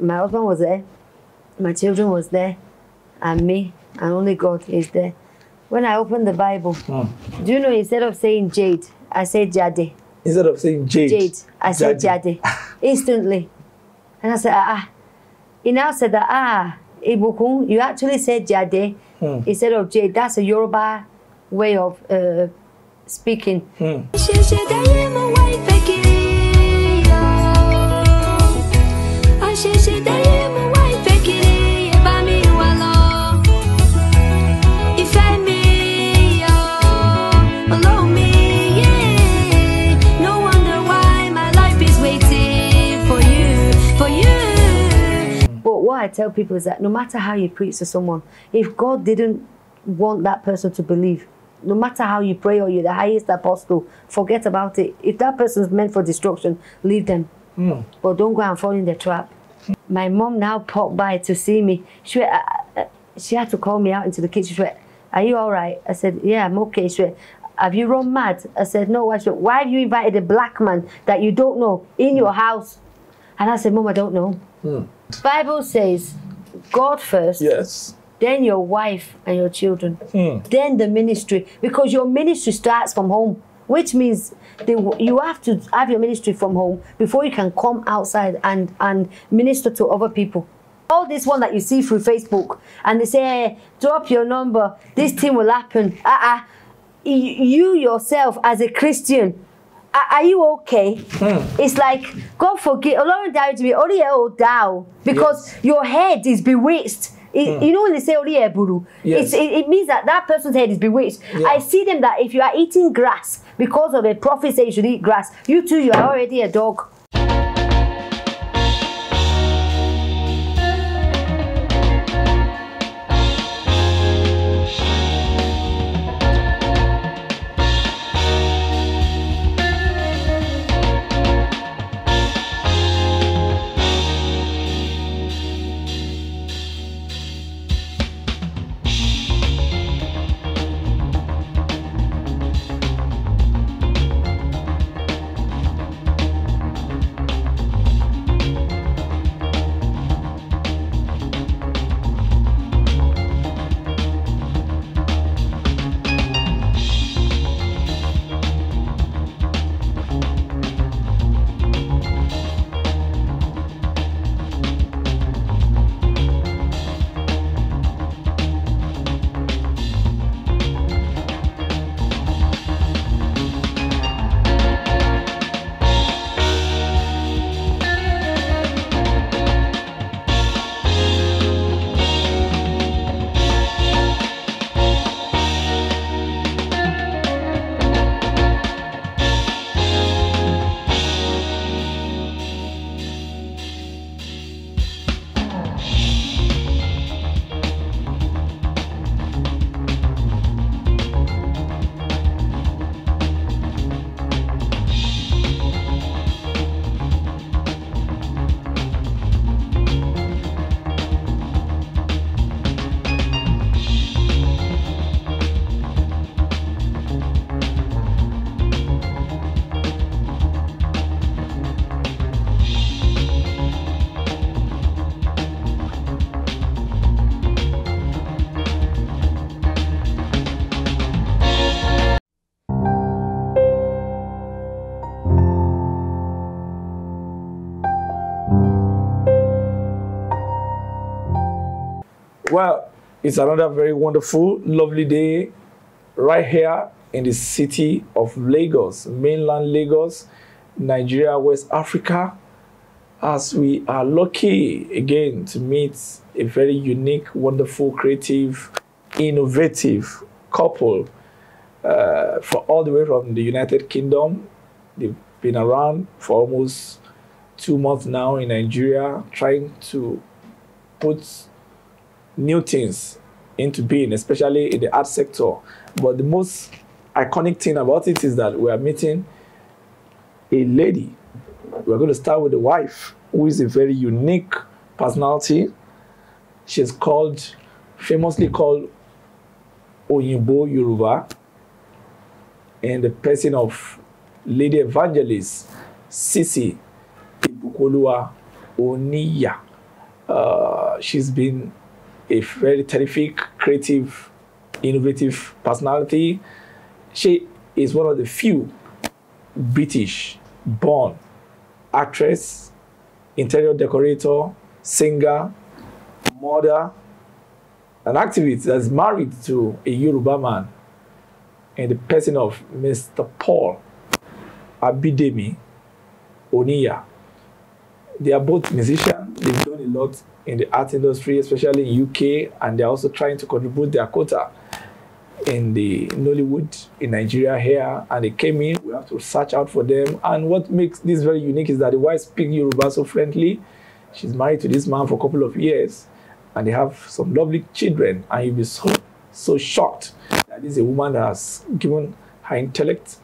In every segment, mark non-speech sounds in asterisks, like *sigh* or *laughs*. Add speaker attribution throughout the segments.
Speaker 1: my husband was there, my children was there, and me, and only God is there. When I opened the Bible, hmm. do you know, instead of saying Jade, I said Jade. Instead of saying Jade? Jade, I said Jade, instantly. And I said, ah, ah, He now said that, ah, Ibukun, you actually said Jade hmm. instead of Jade. That's a Yoruba way of uh, speaking. Hmm. I tell people is that no matter how you preach to someone, if God didn't want that person to believe, no matter how you pray or you're the highest apostle, forget about it. If that person's meant for destruction, leave them. Mm. But don't go and fall in the trap. My mom now popped by to see me. She, went, uh, uh, she had to call me out into the kitchen. She went, are you all right? I said, yeah, I'm okay. She went, have you run mad? I said, no. I said, why have you invited a black man that you don't know in mm. your hmm. house? And I said, mom, I don't know. Mm. Bible says, God first. Yes. Then your wife and your children. Hmm. Then the ministry, because your ministry starts from home, which means they, you have to have your ministry from home before you can come outside and and minister to other people. All this one that you see through Facebook, and they say, hey, drop your number. This thing will happen. Uh uh You yourself as a Christian are you okay? Hmm. It's like, God forgive, Ọlọ́run dáríjì mi, orí ẹ̀ ò dá o. Because yes. your head is bewitched. It, mm. You know when they say orí ẹ̀ burú, yes. it, it means that that person's head is bewitched. Yeah. I see them that if you are eating grass because of a prophet say you should eat grass, you too, you are already a dog.
Speaker 2: It's another very wonderful, lovely day right here in the city of Lagos, mainland Lagos, Nigeria, West Africa, as we are lucky again to meet a very unique, wonderful, creative, innovative couple uh, for all the way from the United Kingdom. They've been around for almost two months now in Nigeria, trying to put new things into being, especially in the art sector. But the most iconic thing about it is that we are meeting a lady. We're going to start with the wife, who is a very unique personality. She's called, famously called Oyinbo Yoruba, and the person of Lady Evangelist Sisi Ibukolua Oniya. Uh, she's been a very terrific, creative, innovative personality. She is one of the few British born actress, interior decorator, singer, mother, an activist that's married to a Yoruba man in the person of Mr. Paul Abidemi Oniya. They are both musicians They've done a lot in the art industry, especially in UK, and they're also trying to contribute their quota in the Nollywood in Nigeria here, and they came in. We have to search out for them. And what makes this very unique is that the wife speaks Yoruba so friendly. She's married to this man for a couple of years, and they have some lovely children. And you'll be so so shocked that this is a woman that has given her intellect,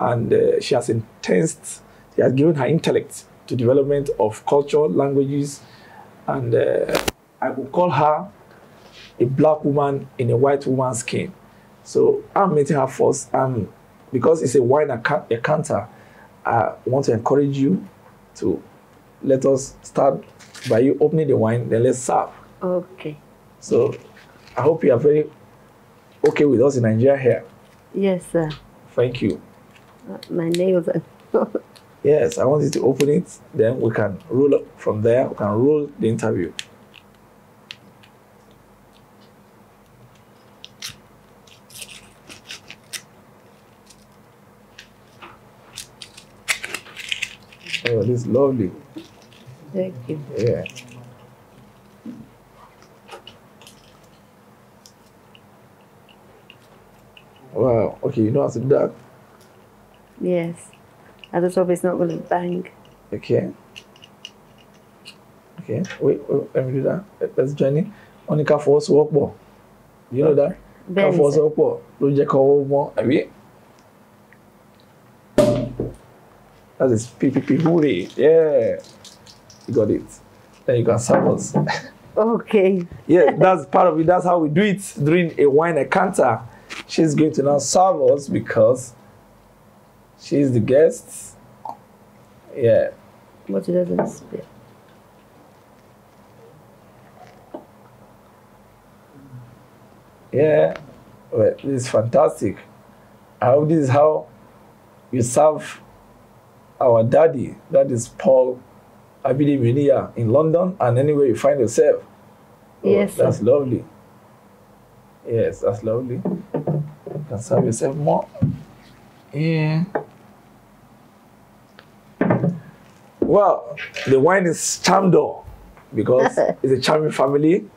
Speaker 2: and uh, she has intensed. She has given her intellect to development of culture, languages, and uh, I would call her a black woman in a white woman's skin. So I'm meeting her first. And because it's a wine encounter, I want to encourage you to let us start by you opening the wine, then let's serve. Okay. So I hope you are very okay with us in Nigeria here. Yes, sir. Thank you.
Speaker 1: My nails are. *laughs*
Speaker 2: Yes, I want you to open it. Then we can roll up from there. We can roll the interview. Oh, this is lovely.
Speaker 1: Thank you. Yeah.
Speaker 2: Wow. Okay, you know how to do that?
Speaker 1: Yes. the top, is not going to bang.
Speaker 2: Okay. Okay. Wait, wait, let me do that. Let's join in. Only can force fọwọ́sowọ́pọ̀. more. you know that? Bẹ́ẹ̀ni sir. Ká fọwọ́sowọ́pọ̀ ló jẹ́ kọ́ owó mọ́ àbí. That is PPP hooray. Yeah. You got it. Then you can serve us. Okay. *laughs* yeah, that's part of it. That's how we do it during a wine encounter. She's going to now serve us because She's the guest. Yeah. But it doesn't spell. Yeah. Well, this is fantastic. I hope this is how you serve our daddy, that is Paul Abidiminia in London and anywhere you find yourself. Oh, yes. that's sir. lovely. Yes, that's lovely. You can serve yourself more. Yeah. Well, the wine is Chamdo because *laughs* it's a charming family.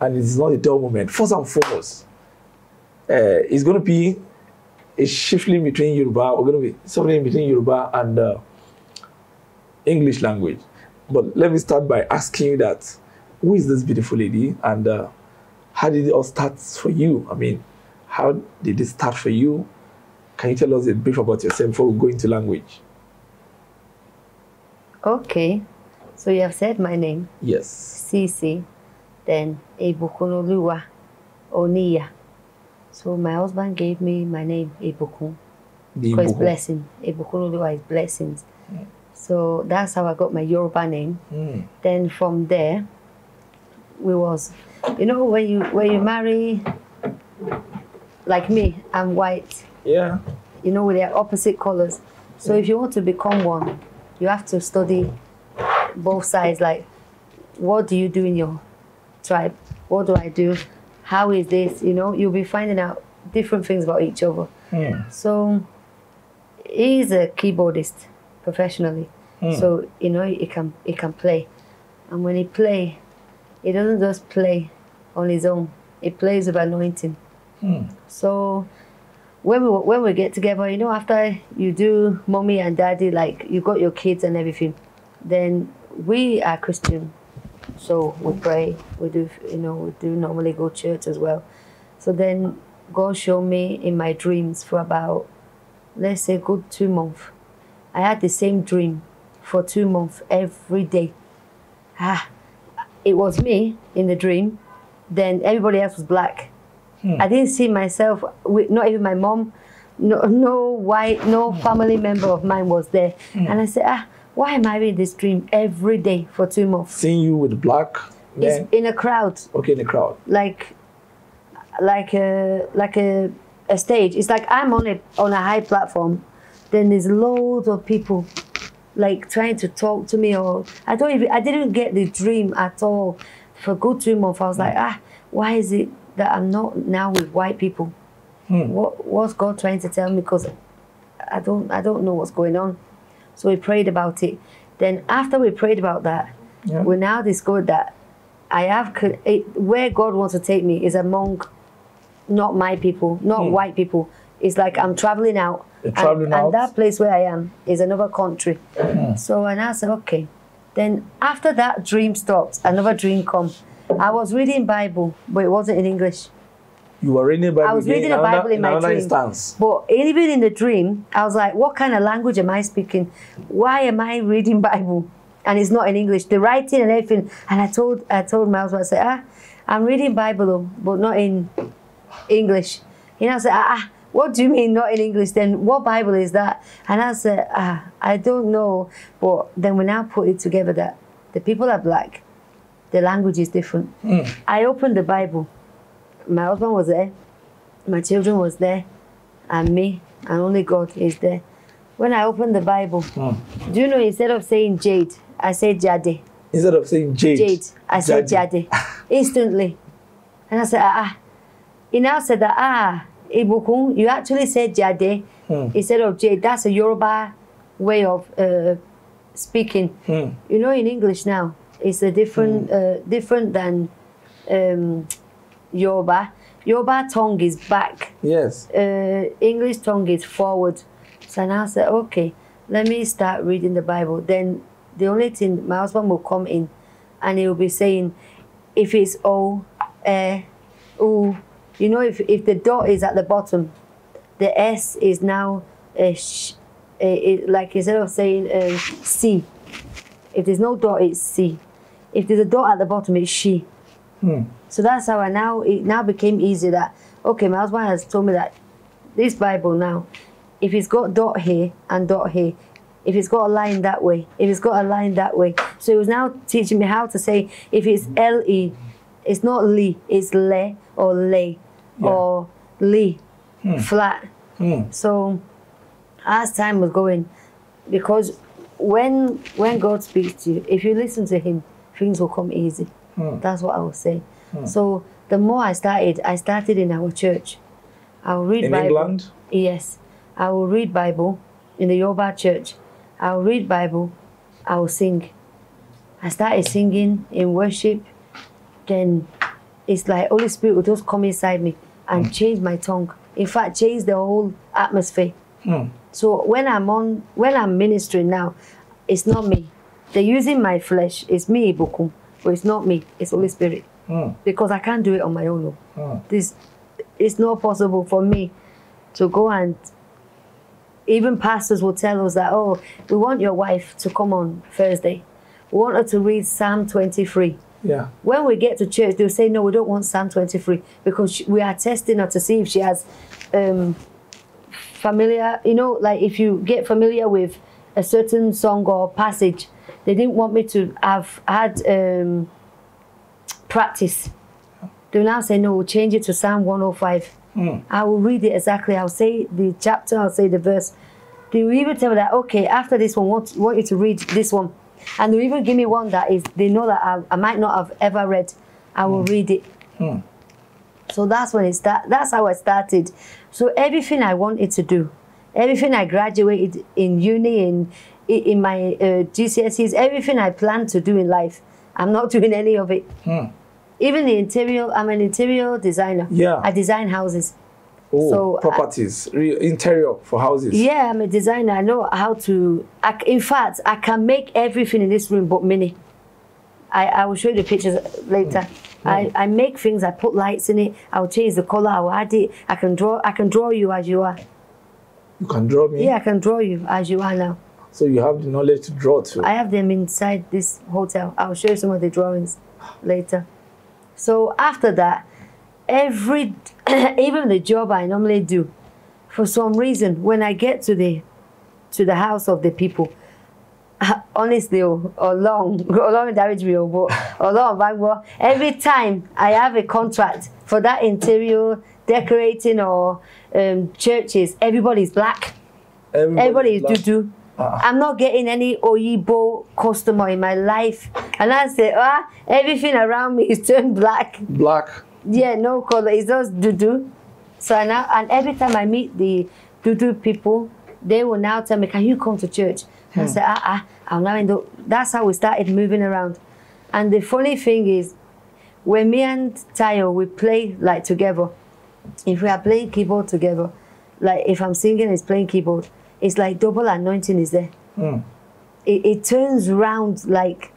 Speaker 2: and it is not a dull moment. First and foremost, uh, it's going to be is shifting between Yoruba, we're going to be something between Yoruba and uh, English language. But let me start by asking you that, who is this beautiful lady and uh, how did it all start for you? I mean, how did it start for you? Can you tell us a brief about yourself before we go into language?
Speaker 1: Okay, so you have said my name. Yes. Sisi, then Ebukunoluwa Oniya. So my husband gave me my name, Ebokun.
Speaker 3: Because blessing.
Speaker 1: Ebokunoluwa is blessings. Mm. So that's how I got my Yoruba name. Mm. Then from there, we was, you know, when you when you marry, like me, I'm white. Yeah. You know, with their opposite colors. So mm. if you want to become one, you have to study both sides. Like, what do you do in your tribe? What do I do? how is this? You know, you'll be finding out different things about each other. Yeah. Hmm. So he's a keyboardist professionally. Hmm. So you know he can he can play, and when he play, he doesn't just play on his own. He plays with anointing. Hmm. So when we when we get together, you know, after you do mommy and daddy, like you got your kids and everything, then we are Christian. So we pray. We do, you know, we do normally go church as well. So then God showed me in my dreams for about, let's say, good two months. I had the same dream for two months every day. Ah, it was me in the dream. Then everybody else was black. Hmm. I didn't see myself, not even my mom, no, no white, no hmm. family member of mine was there. Hmm. And I said, ah, why am I in this dream every day for two months?
Speaker 2: Seeing you with black men? in a crowd. Okay, in a crowd.
Speaker 1: Like, like a like a, a stage. It's like I'm on a on a high platform. Then there's loads of people, like trying to talk to me. Or I don't even I didn't get the dream at all. For good two months, I was mm. like, ah, why is it that I'm not now with white people? Hmm. What what's God trying to tell me? Because I don't I don't know what's going on. So we prayed about it. Then after we prayed about that, yeah. we now discovered that I have where God wants to take me is among not my people, not mm. white people. It's like I'm traveling out. And, traveling out. that place where I am is another country. Hmm. So and I said, okay. Then after that dream stopped, another dream come. I was reading Bible, but it wasn't in English
Speaker 2: you were reading Bible. I was reading the Bible in, in my dream. Instance.
Speaker 1: But even in the dream, I was like, what kind of language am I speaking? Why am I reading Bible? And it's not in English. The writing and everything. And I told I told my husband, I said, ah, I'm reading Bible, but not in English. You know, I said, ah, ah, what do you mean not in English? Then what Bible is that? And I said, ah, I don't know. But then we now put it together that the people are black, the language is different. Mm. I opened the Bible my husband was there, my children was there, and me, and only God is there. When I opened the Bible, oh. do you know, instead of saying Jade, I said Jade.
Speaker 2: Instead of saying Jade?
Speaker 1: Jade, I said Jade, *laughs* instantly. And I said, ah, ah, He now said that, ah, Ibukun, you actually said Jade hmm. instead of Jade. That's a Yoruba way of uh, speaking. Hmm. You know, in English now, it's a different, hmm. uh, different than um, Yoruba. Yoruba tongue is back. Yes. Uh, English tongue is forward. So now I said, okay, let me start reading the Bible. Then the only thing, my husband will come in and he will be saying, if it's O, uh, U, you know, if, if the dot is at the bottom, the S is now uh, sh, like instead of saying um, C, if there's no dot, it's C. If there's a dot at the bottom, it's she. Hmm. So that's how I now, it now became easy that, okay, my husband has told me that this Bible now, if it's got dot here and dot here, if it's got a line that way, if it's got a line that way. So it was now teaching me how to say if it's mm-hmm. L E, it's not Li, it's Le or Lay yeah. or li, hmm. flat. Hmm. So as time was going, because when when God speaks to you, if you listen to Him, things will come easy. Hmm. That's what I was saying. Hmm. So the more I started, I started in our church. I will read in Bible. England? Yes. I will read Bible in the Yoruba church. I will read Bible. I will sing. I started singing in worship. Then it's like Holy Spirit will just come inside me and mm. change my tongue. In fact, change the whole atmosphere. Mm. So when I'm on, when I'm ministering now, it's not me. They're using my flesh. It's me, Ibukum, but it's not me. It's Holy Spirit. Mm. because I can't do it on my own. Mm. This, it's not possible for me to go and even pastors will tell us that, oh, we want your wife to come on Thursday. We want her to read Psalm 23. Yeah. When we get to church, they'll say, no, we don't want Psalm 23 because we are testing her to see if she has um, familiar, you know, like if you get familiar with a certain song or passage. They didn't want me to have had um, practice. Do not say no, change it to Psalm 105. Mm. I will read it exactly. I'll say the chapter, I'll say the verse. They will even tell me that, okay, after this one, want, want you to read this one. And they even give me one that is, they know that I, I might not have ever read. I will mm. read it. Mm. So that's when it start, that's how I started. So everything I wanted to do, everything I graduated in uni, in, in my uh, GCSEs, everything I planned to do in life, I'm not *laughs* doing any of it. Mm even the interior, I'm an interior designer. Yeah. I design houses. Oh, so
Speaker 2: properties, I, interior for houses.
Speaker 1: Yeah, I'm a designer. I know how to. I, in fact, I can make everything in this room but mini. I, I will show you the pictures later. Mm. I, I make things. I put lights in it. I'll change the color. I'll add it. I can draw. I can draw you as you are.
Speaker 2: You can draw me. Yeah, I can
Speaker 1: draw you as you are now.
Speaker 2: So you have the knowledge to draw too. I have
Speaker 1: them inside this hotel. I'll show you some of the drawings later. So after that, every *clears throat* even the job I normally do, for some reason, when I get to the to the house of the people, *laughs* honestly, oh, along along *laughs* damage me, oh, but along Bangor, every time I have a contract for that interior decorating or um, churches, everybody's black. Everybody's, do black. doo doo. Uh, I'm not getting any Oyibo customer in my life. And I said, ah, everything around me is turned black. Black. Yeah, no color. It's just Dudu. So I now, and every time I meet the Dudu people, they will now tell me, can you come to church? Hmm. I said, ah, ah, I'm now in the, that's how we started moving around. And the funny thing is, when me and Tayo, we play like together, if we are playing keyboard together, like if I'm singing, he's playing keyboard it's like double anointing is there. Mm. It, it turns round like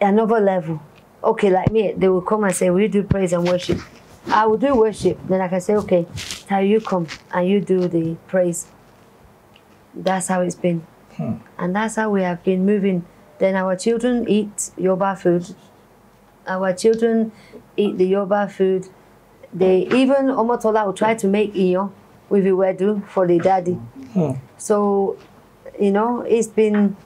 Speaker 1: another level. Okay, like me, they will come and say, Will you do praise and worship? I will do worship. Then I can say, Okay, how you come and you do the praise. That's how it's been. Hmm. And that's how we have been moving. Then our children eat Yoba food. Our children eat the Yoba food. They even Omotola will try to make Iyo with Iwedu for the daddy. Hmm. So, you know, it's been,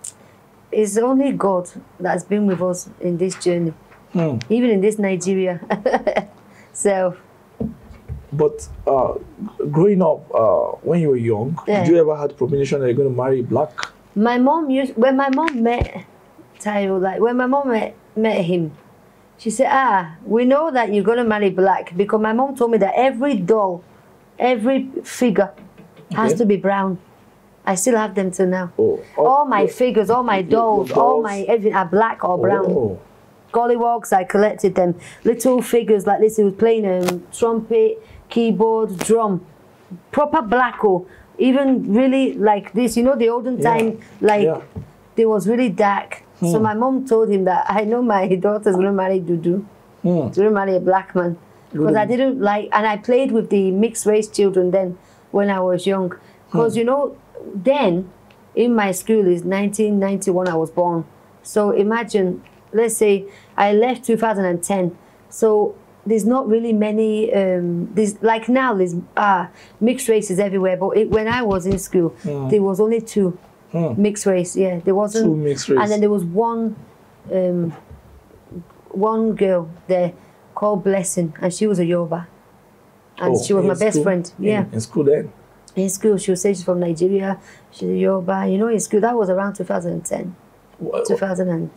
Speaker 1: it's only God that's been with us in this journey, hmm. even in this Nigeria.
Speaker 2: *laughs* so. But uh, growing up, uh, when you were young, yeah. did you ever had premonition that you're going to marry black?
Speaker 1: My mom used when my mom met Tayo, like when my mom met, met him, she said, "Ah, we know that you're going to marry black because my mom told me that every doll, every figure okay. has to be brown. I still have them till now. Oh. Oh, all my yeah. figures, all my dolls, dolls, all my everything are black or brown. Oh. Gollywogs, I collected them. Little figures like this, he was playing a um, trumpet, keyboard, drum. Proper black or oh. Even really like this, you know, the olden yeah. time, like, yeah. it was really dark. So hmm. my mom told him that I know my *laughs* daughter's going to marry Dudu. Mm. She's going to marry a black man. Because I didn't like, and I played with the mixed race children then when I was young. Because, hmm. you know, then in my school is 1991, I was born. So imagine, let's say I left 2010. So there's not really many, um, there's, like now, there's uh, mixed races everywhere. But it, when I was in school, hmm. there was only two hmm. mixed race. Yeah, there wasn't. Two mixed race. And then there was one, um, one girl there called Blessing, and she was a Yoruba. Oh, and oh, she was my best friend. Yeah, in, school then. In school, she would say she's from Nigeria. She's Yoruba. You know, in school that was around 2010, what, 2000 and.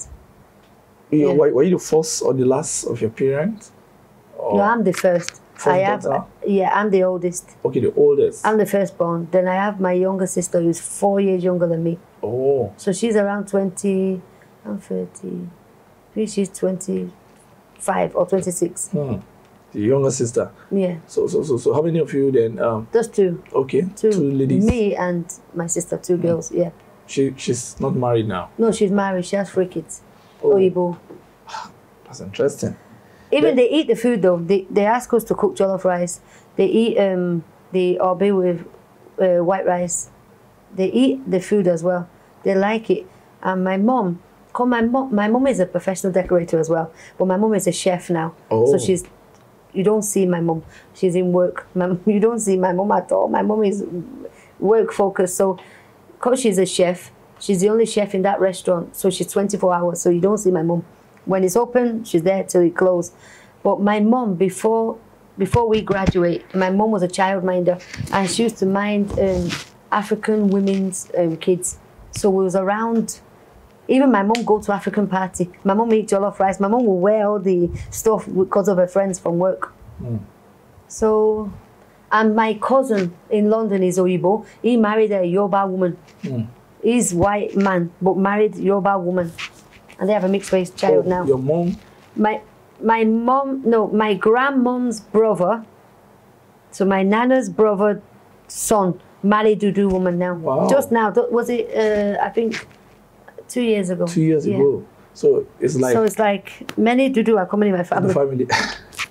Speaker 2: yeah. were, you the first or the last of your parents? No, I'm the
Speaker 1: first. I have, daughter? yeah, I'm the
Speaker 2: oldest. Okay, the oldest. I'm the
Speaker 1: firstborn. Then I have my younger sister who's four years younger than me.
Speaker 2: Oh. So
Speaker 1: she's around 20, I'm 30. She's 25
Speaker 2: or 26. Hmm. The younger sister. Yeah. So so so so how many of you then? Um, Just two. Okay. Two. two ladies. Me
Speaker 1: and my sister, two mm. girls. Yeah.
Speaker 2: She she's not married now.
Speaker 1: No, she's married. She has three kids. Oh. Oibo.
Speaker 2: *sighs* That's interesting.
Speaker 1: Even they, they eat the food though. They they ask us to cook jollof rice. They eat um the be with uh, white rice. They eat the food as well. They like it. And my mom, call my mom, my mom is a professional decorator as well, but my mom is a chef now. Oh. So she's you don't see my mom. She's in work. *laughs* My, you don't see my mom at all. My mom is work focused. So, because she's a chef, she's the only chef in that restaurant. So she's 24 hours. So you don't see my mom. When it's open, she's there till it closes. But my mom, before before we graduate, my mom was a childminder, and she used to mind um, African women's um, kids. So we was around even my mum go to African party. My mum eat jollof rice. My mum will wear all the stuff because of her friends from work. Mm. So, and my cousin in London is Oyibo. He married a Yoruba woman. Mm. He's white man, but married Yoruba woman. And they have a mixed race child oh, now. Your mom? My, my mom, no, my grandmom's brother, so my nana's brother, son, married Dudu woman now. Wow. Just now, was it, uh, I think, Two years ago. Two years yeah. ago.
Speaker 2: So it's like. So it's
Speaker 1: like many to do accompany my
Speaker 2: family. The family.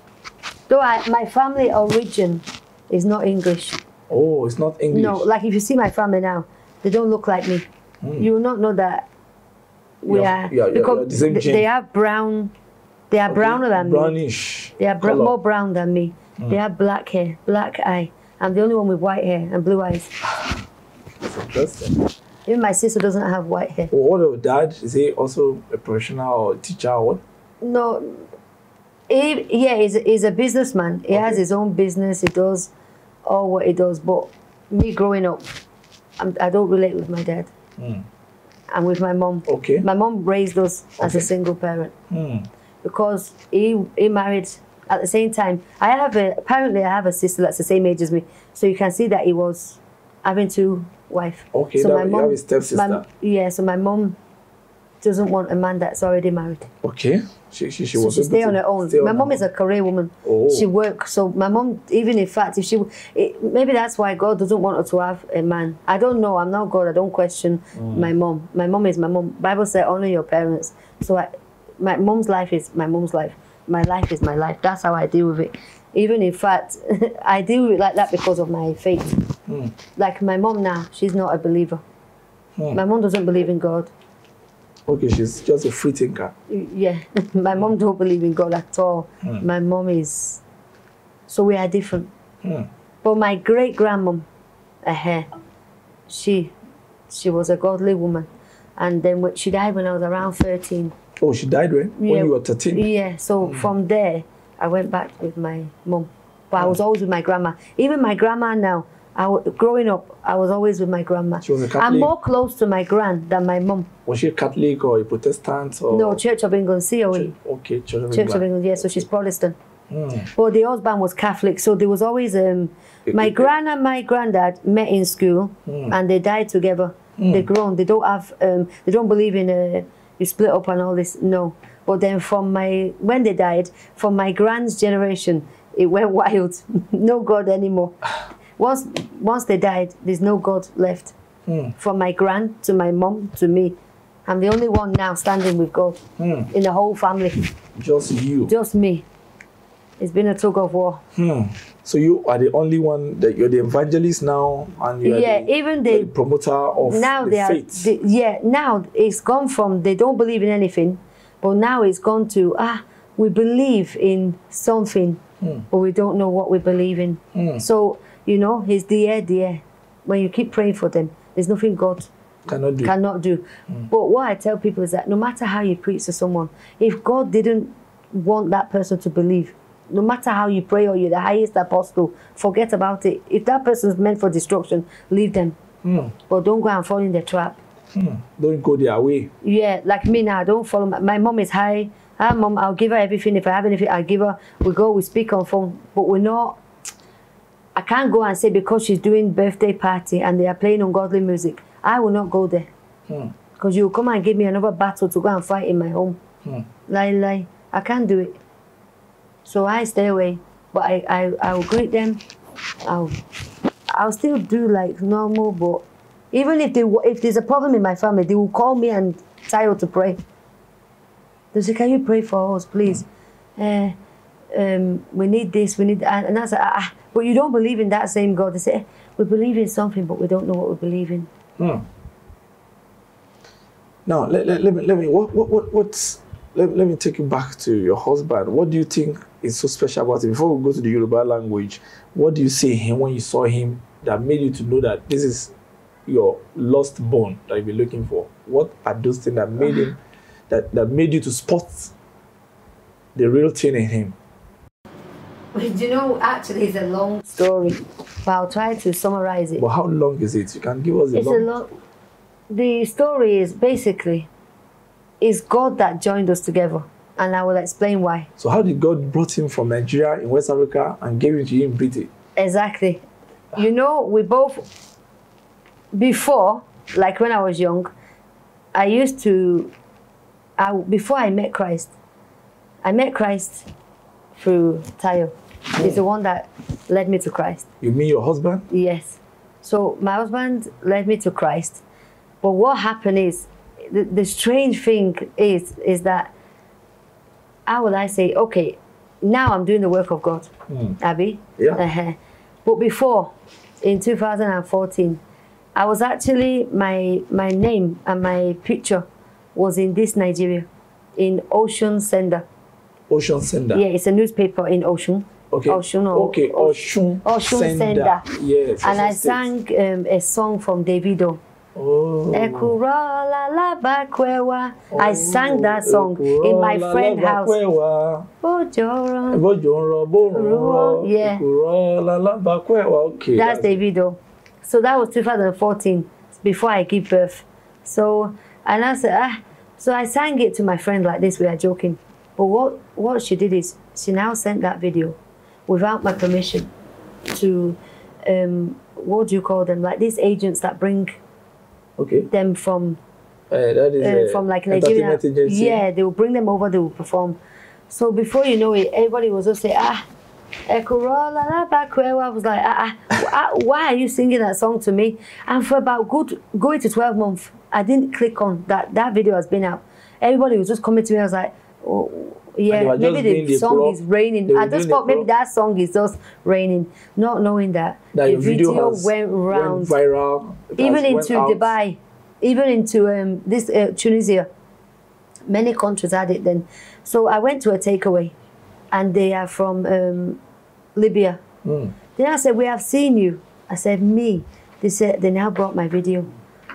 Speaker 1: *laughs* Though I, my family origin is not
Speaker 2: English. Oh, it's not English. No,
Speaker 1: like if you see my family now, they don't look like me. Mm. You will not know that
Speaker 2: we yeah, are yeah, because yeah, the they are
Speaker 1: brown. They are okay. browner than Brownish me.
Speaker 4: Brownish. They are br more
Speaker 1: brown than me. Mm. They have black hair, black eye. I'm the only one with white hair and blue eyes. That's interesting. Even my sister doesn't have
Speaker 2: white hair. Well, what about dad? Is he also a professional or teacher or what?
Speaker 1: No. He, yeah, he's, he's a businessman. He okay. has his own business. He does all what he does. But me growing up, I'm, I do not relate with my dad. Mm. And with my mom. Okay. My mom raised us okay. as a single parent. Mm. Because he, he married at the same time. I have a, apparently I have a sister that's the same age as me. So you can see that he was having to wife. Okay, so my mom, have a stepsister. My, yeah, so my mom doesn't want a man that's already married.
Speaker 2: Okay. She, she, she so she stay on her
Speaker 1: own. My mom is a career woman. Oh. She works. So my mom, even in fact, if she, it, maybe that's why God doesn't want her to have a man. I don't know. I'm not God. I don't question mm. my mom. My mom is my mom. Bible says honor your parents. So I, my mom's life is my mom's life. My life is my life. That's how I deal with it. Even in fact, *laughs* I deal with it like that because of my faith. Mm. Like my mom now, she's not a believer. Mm. My mom doesn't believe in God.
Speaker 2: Okay, she's just a free thinker.
Speaker 1: Yeah, *laughs* my mom don't believe in God at all. Mm. My mom is, so we are different. Hmm. But my great grandmom, uh, uh-huh, she, she was a godly woman, and then she died when I was around thirteen.
Speaker 2: Oh, she died when yeah. when you were thirteen. Yeah.
Speaker 1: So hmm. from there, I went back with my mom but I hmm. was always with my grandma. Even my grandma now, I w- growing up, I was always with my grandma. She was a Catholic. I'm more close to my grand than my mom.
Speaker 2: Was she a Catholic or a Protestant? Or? No,
Speaker 1: Church of England, COE.
Speaker 2: okay, Church of Church England.
Speaker 1: yeah, so she's Protestant. Mm. But the husband was Catholic, so there was always um, my grand and my granddad met in school, hmm. and they died together. Hmm. They're grown. They don't have. Um, they don't believe in a. Uh, you split up and all this. No. But then from my when they died, from my grand's generation, it went *laughs* wild. no God anymore. *laughs* Once, once they died, there's no God left. Mm. From my grand to my mom to me. I'm the only one now standing with God mm. in the whole family. Just
Speaker 2: you. Just me. It's been a tug of war. Hmm. So you are the only one that you're the evangelist now, and you're yeah, the, even the, the, promoter of now the they faith.
Speaker 1: Are, the, yeah, now it's gone from they don't believe in anything, but now it's gone to ah, we believe in something, hmm. but we don't know what we believe in. Hmm. So you know, he's there, there. When you keep praying for them, there's nothing God cannot do. Cannot do. Mm. But what I tell people is that no matter how you preach to someone, if God didn't want that person to believe, no matter how you pray or you're the highest apostle, forget about it. If that person's meant for destruction, leave them. Mm. But don't go and fall in the trap. Mm.
Speaker 2: Don't go their way.
Speaker 1: Yeah, like me now, don't follow. My, my mom is high. Hi, mom, I'll give her everything. If I have anything, I'll give her. We go, we speak on phone, but we're not I can't go and say because she's doing birthday party and they are playing ungodly music, I will not go there. Hmm. Because hmm. you will come and give me another battle to go and fight in my home. Hmm. Lie, lie. I can't do it. So I stay away. But I, I, I will greet them. I'll, I'll still do like normal, but even if, they, if there's a problem in my family, they will call me and tell you to pray. They say, can you pray for us, please? Hmm. Uh, um, we need this, we need that. And that's, like, ah, but you don't believe in that same God. They say, eh, we believe in something, but we don't know what we believe in.
Speaker 2: Hmm. Now, let, let, let, me, let me, what, what, what, what's, let, let me take you back to your husband. What do you think is so special about him? Before we go to the Yoruba language, what do you see him when you saw him that made you to know that this is your lost bone that you've been looking for? What are those things that made him, that, that made you to spot the real thing in him?
Speaker 1: Do you know, actually, it's a long
Speaker 2: story, but I'll try to summarize it. Well, how long is it? You can give us a it's long... A
Speaker 1: long the story is basically, it's God that joined us together, and I will explain why.
Speaker 2: So how did God brought him from Nigeria in West Africa and gave him to him British?
Speaker 1: Exactly. You know, we both, before, like when I was young, I used to, I, before I met Christ, I met Christ through Tayo. Is the one that led me to Christ. You mean your husband? Yes. So my husband led me to Christ. But what happened is, the, the strange thing is, is that how would I say, okay, now I'm doing the work of God, mm. Abby. Yeah. Uh-huh. But before, in 2014, I was actually, my, my name and my picture was in this Nigeria, in Ocean Sender. Ocean Sender? Yeah, it's a newspaper in Ocean okay. Oshun. Oh, oh. Okay, Oshun. Oh, Oshun Senda.
Speaker 2: Yes. And Oshun I
Speaker 1: sang um, a song from Davido. Oh. I sang that song in my friend's house. Yeah. Okay. That's Davido. So that was 2014, before I give birth. So, and I said, ah. So I sang it to my friend like this, we are joking. But what, what she did is she now sent that video without my permission to um, what do you call them? Like these agents that bring okay. them from
Speaker 2: uh, that is um, uh, from like Nigeria. Yeah,
Speaker 1: they will bring them over. They will perform. So before you know it, everybody was just say ah. Ekorola I was like, ah, ah, ah, why are you singing that song to me? And for about good going to 12 months, I didn't click on that. That video has been out. Everybody was just coming to me. I was like, oh, yeah, maybe the, song is raining. At this point, maybe that song is just raining, not knowing that, that the video, video went round, went
Speaker 2: viral, even into
Speaker 1: Dubai, even into um, this uh, Tunisia. Many countries had it then. So I went to a takeaway, and they are from um, Libya. Mm. Then I said, "We have seen you." I said, "Me." They said they now brought my video.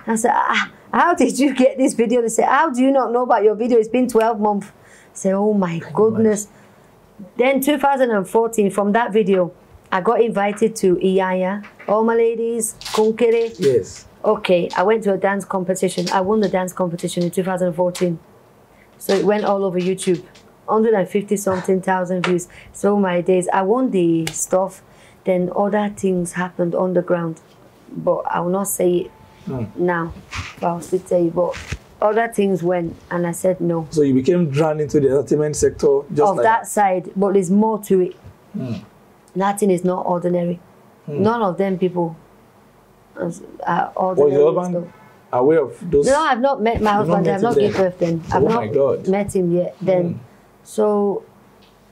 Speaker 1: I said, ah, "How did you get this video?" They said, "How do you not know about your video? It's been 12 months." say, oh my goodness. Then 2014, from that video, I got invited to Iyaya. All my ladies, Kunkere. Yes. Okay, I went to a dance competition. I won the dance competition in 2014. So it went all over YouTube. 150 something thousand views. So my days, I won the stuff. Then other things happened on the ground. But I will not say it mm. now. But I'll still tell you. But other things went, and I said no.
Speaker 2: So you became drawn into the entertainment sector just of like that,
Speaker 1: side, but there's more to it. Mm. Nothing is not ordinary. Mm. None of them people are ordinary. Was your
Speaker 2: husband aware of those? No, I've not met my husband. Not I've not given birth then. I've oh not God.
Speaker 1: met him yet then. Mm. So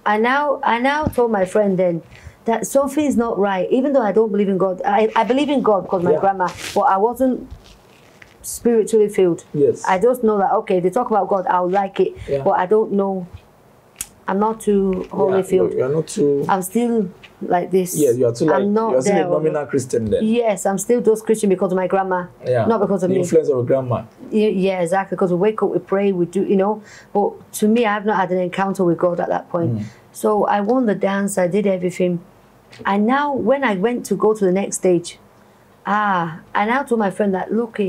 Speaker 1: I now I now told my friend then that something is not right. Even though I don't believe in God, I, I believe in God because my yeah. grandma, but I wasn't spiritually filled. Yes. I just know that okay, they talk about God, I'll like it, yeah. but I don't know. I'm not too holy yeah, filled. You're not too. I'm still like this. Yes, you are too. Like, I'm not. You're still a nominal Christian then. Yes, I'm still just Christian because of my grandma. Yeah. Not because of the me. influence of grandma. Yeah, exactly. Because we wake up, we pray, we do, you know. But to me, I've not had an encounter with God at that point. Mm. So I won the dance. I did everything. And now, when I went to go to the next stage, ah, and I told my friend that, look,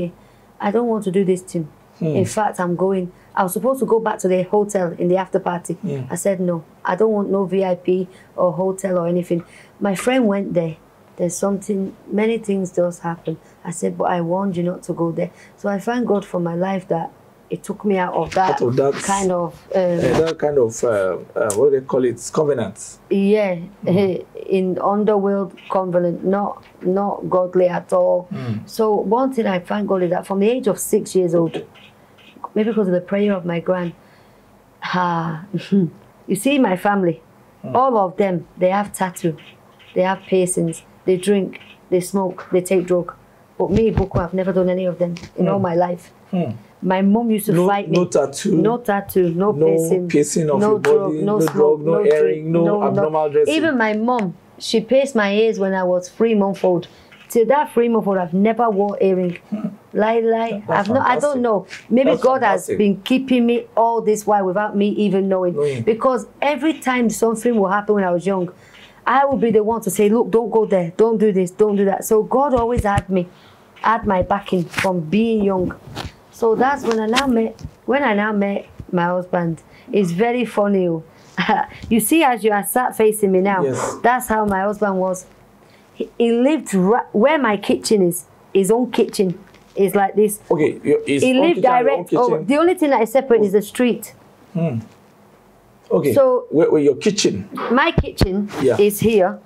Speaker 1: I don't want to do this thing. Hmm. In fact, I'm going. I was supposed to go back to the hotel in the after party. Yeah. I said, no, I don't want no VIP or hotel or anything. My friend went there. There's something, many things does happen. I said, but I warned you not to go there. So I thank God for my life that it took me out of that, out of that kind of um, uh,
Speaker 2: that kind of uh, uh, what do they call it covenant
Speaker 1: yeah mm eh, in underworld covenant not not godly at all mm. so one thing i find godly that from the age of six years old maybe because of the prayer of my grand uh, *laughs* you see my family mm. all of them they have tattoo they have piercings they drink they smoke they take drug but me Boko, i've never done any of them in mm. all my life mm. My mom used to no, fight me. No tattoo. No
Speaker 2: tattoo. No, no piercing. piercing of no your drug, body. No, no smoke, drug. No, no earring. No, no abnormal dressing. Even
Speaker 1: my mom, she pierced my ears when I was three months old. Till that three months old, I've never wore earring. Lie, lie. I've not. I don't know. Maybe That's God fantastic. has been keeping me all this while without me even knowing. Mm. Because every time something will happen when I was young, I would be the one to say, "Look, don't go there. Don't do this. Don't do that." So God always had me, had my backing from being young. So that's when I now met when I now met my husband. It's very funny. Oh. *laughs* you see, as you are sat facing me now, yes. that's how my husband was. He, he lived right where my kitchen is, his own kitchen. is like this. Okay,
Speaker 2: he lived direct. Oh, the
Speaker 1: only thing that is separate oh. is the oh. street. Hmm. Okay. So
Speaker 2: where, where your kitchen?
Speaker 1: My kitchen yeah. is here.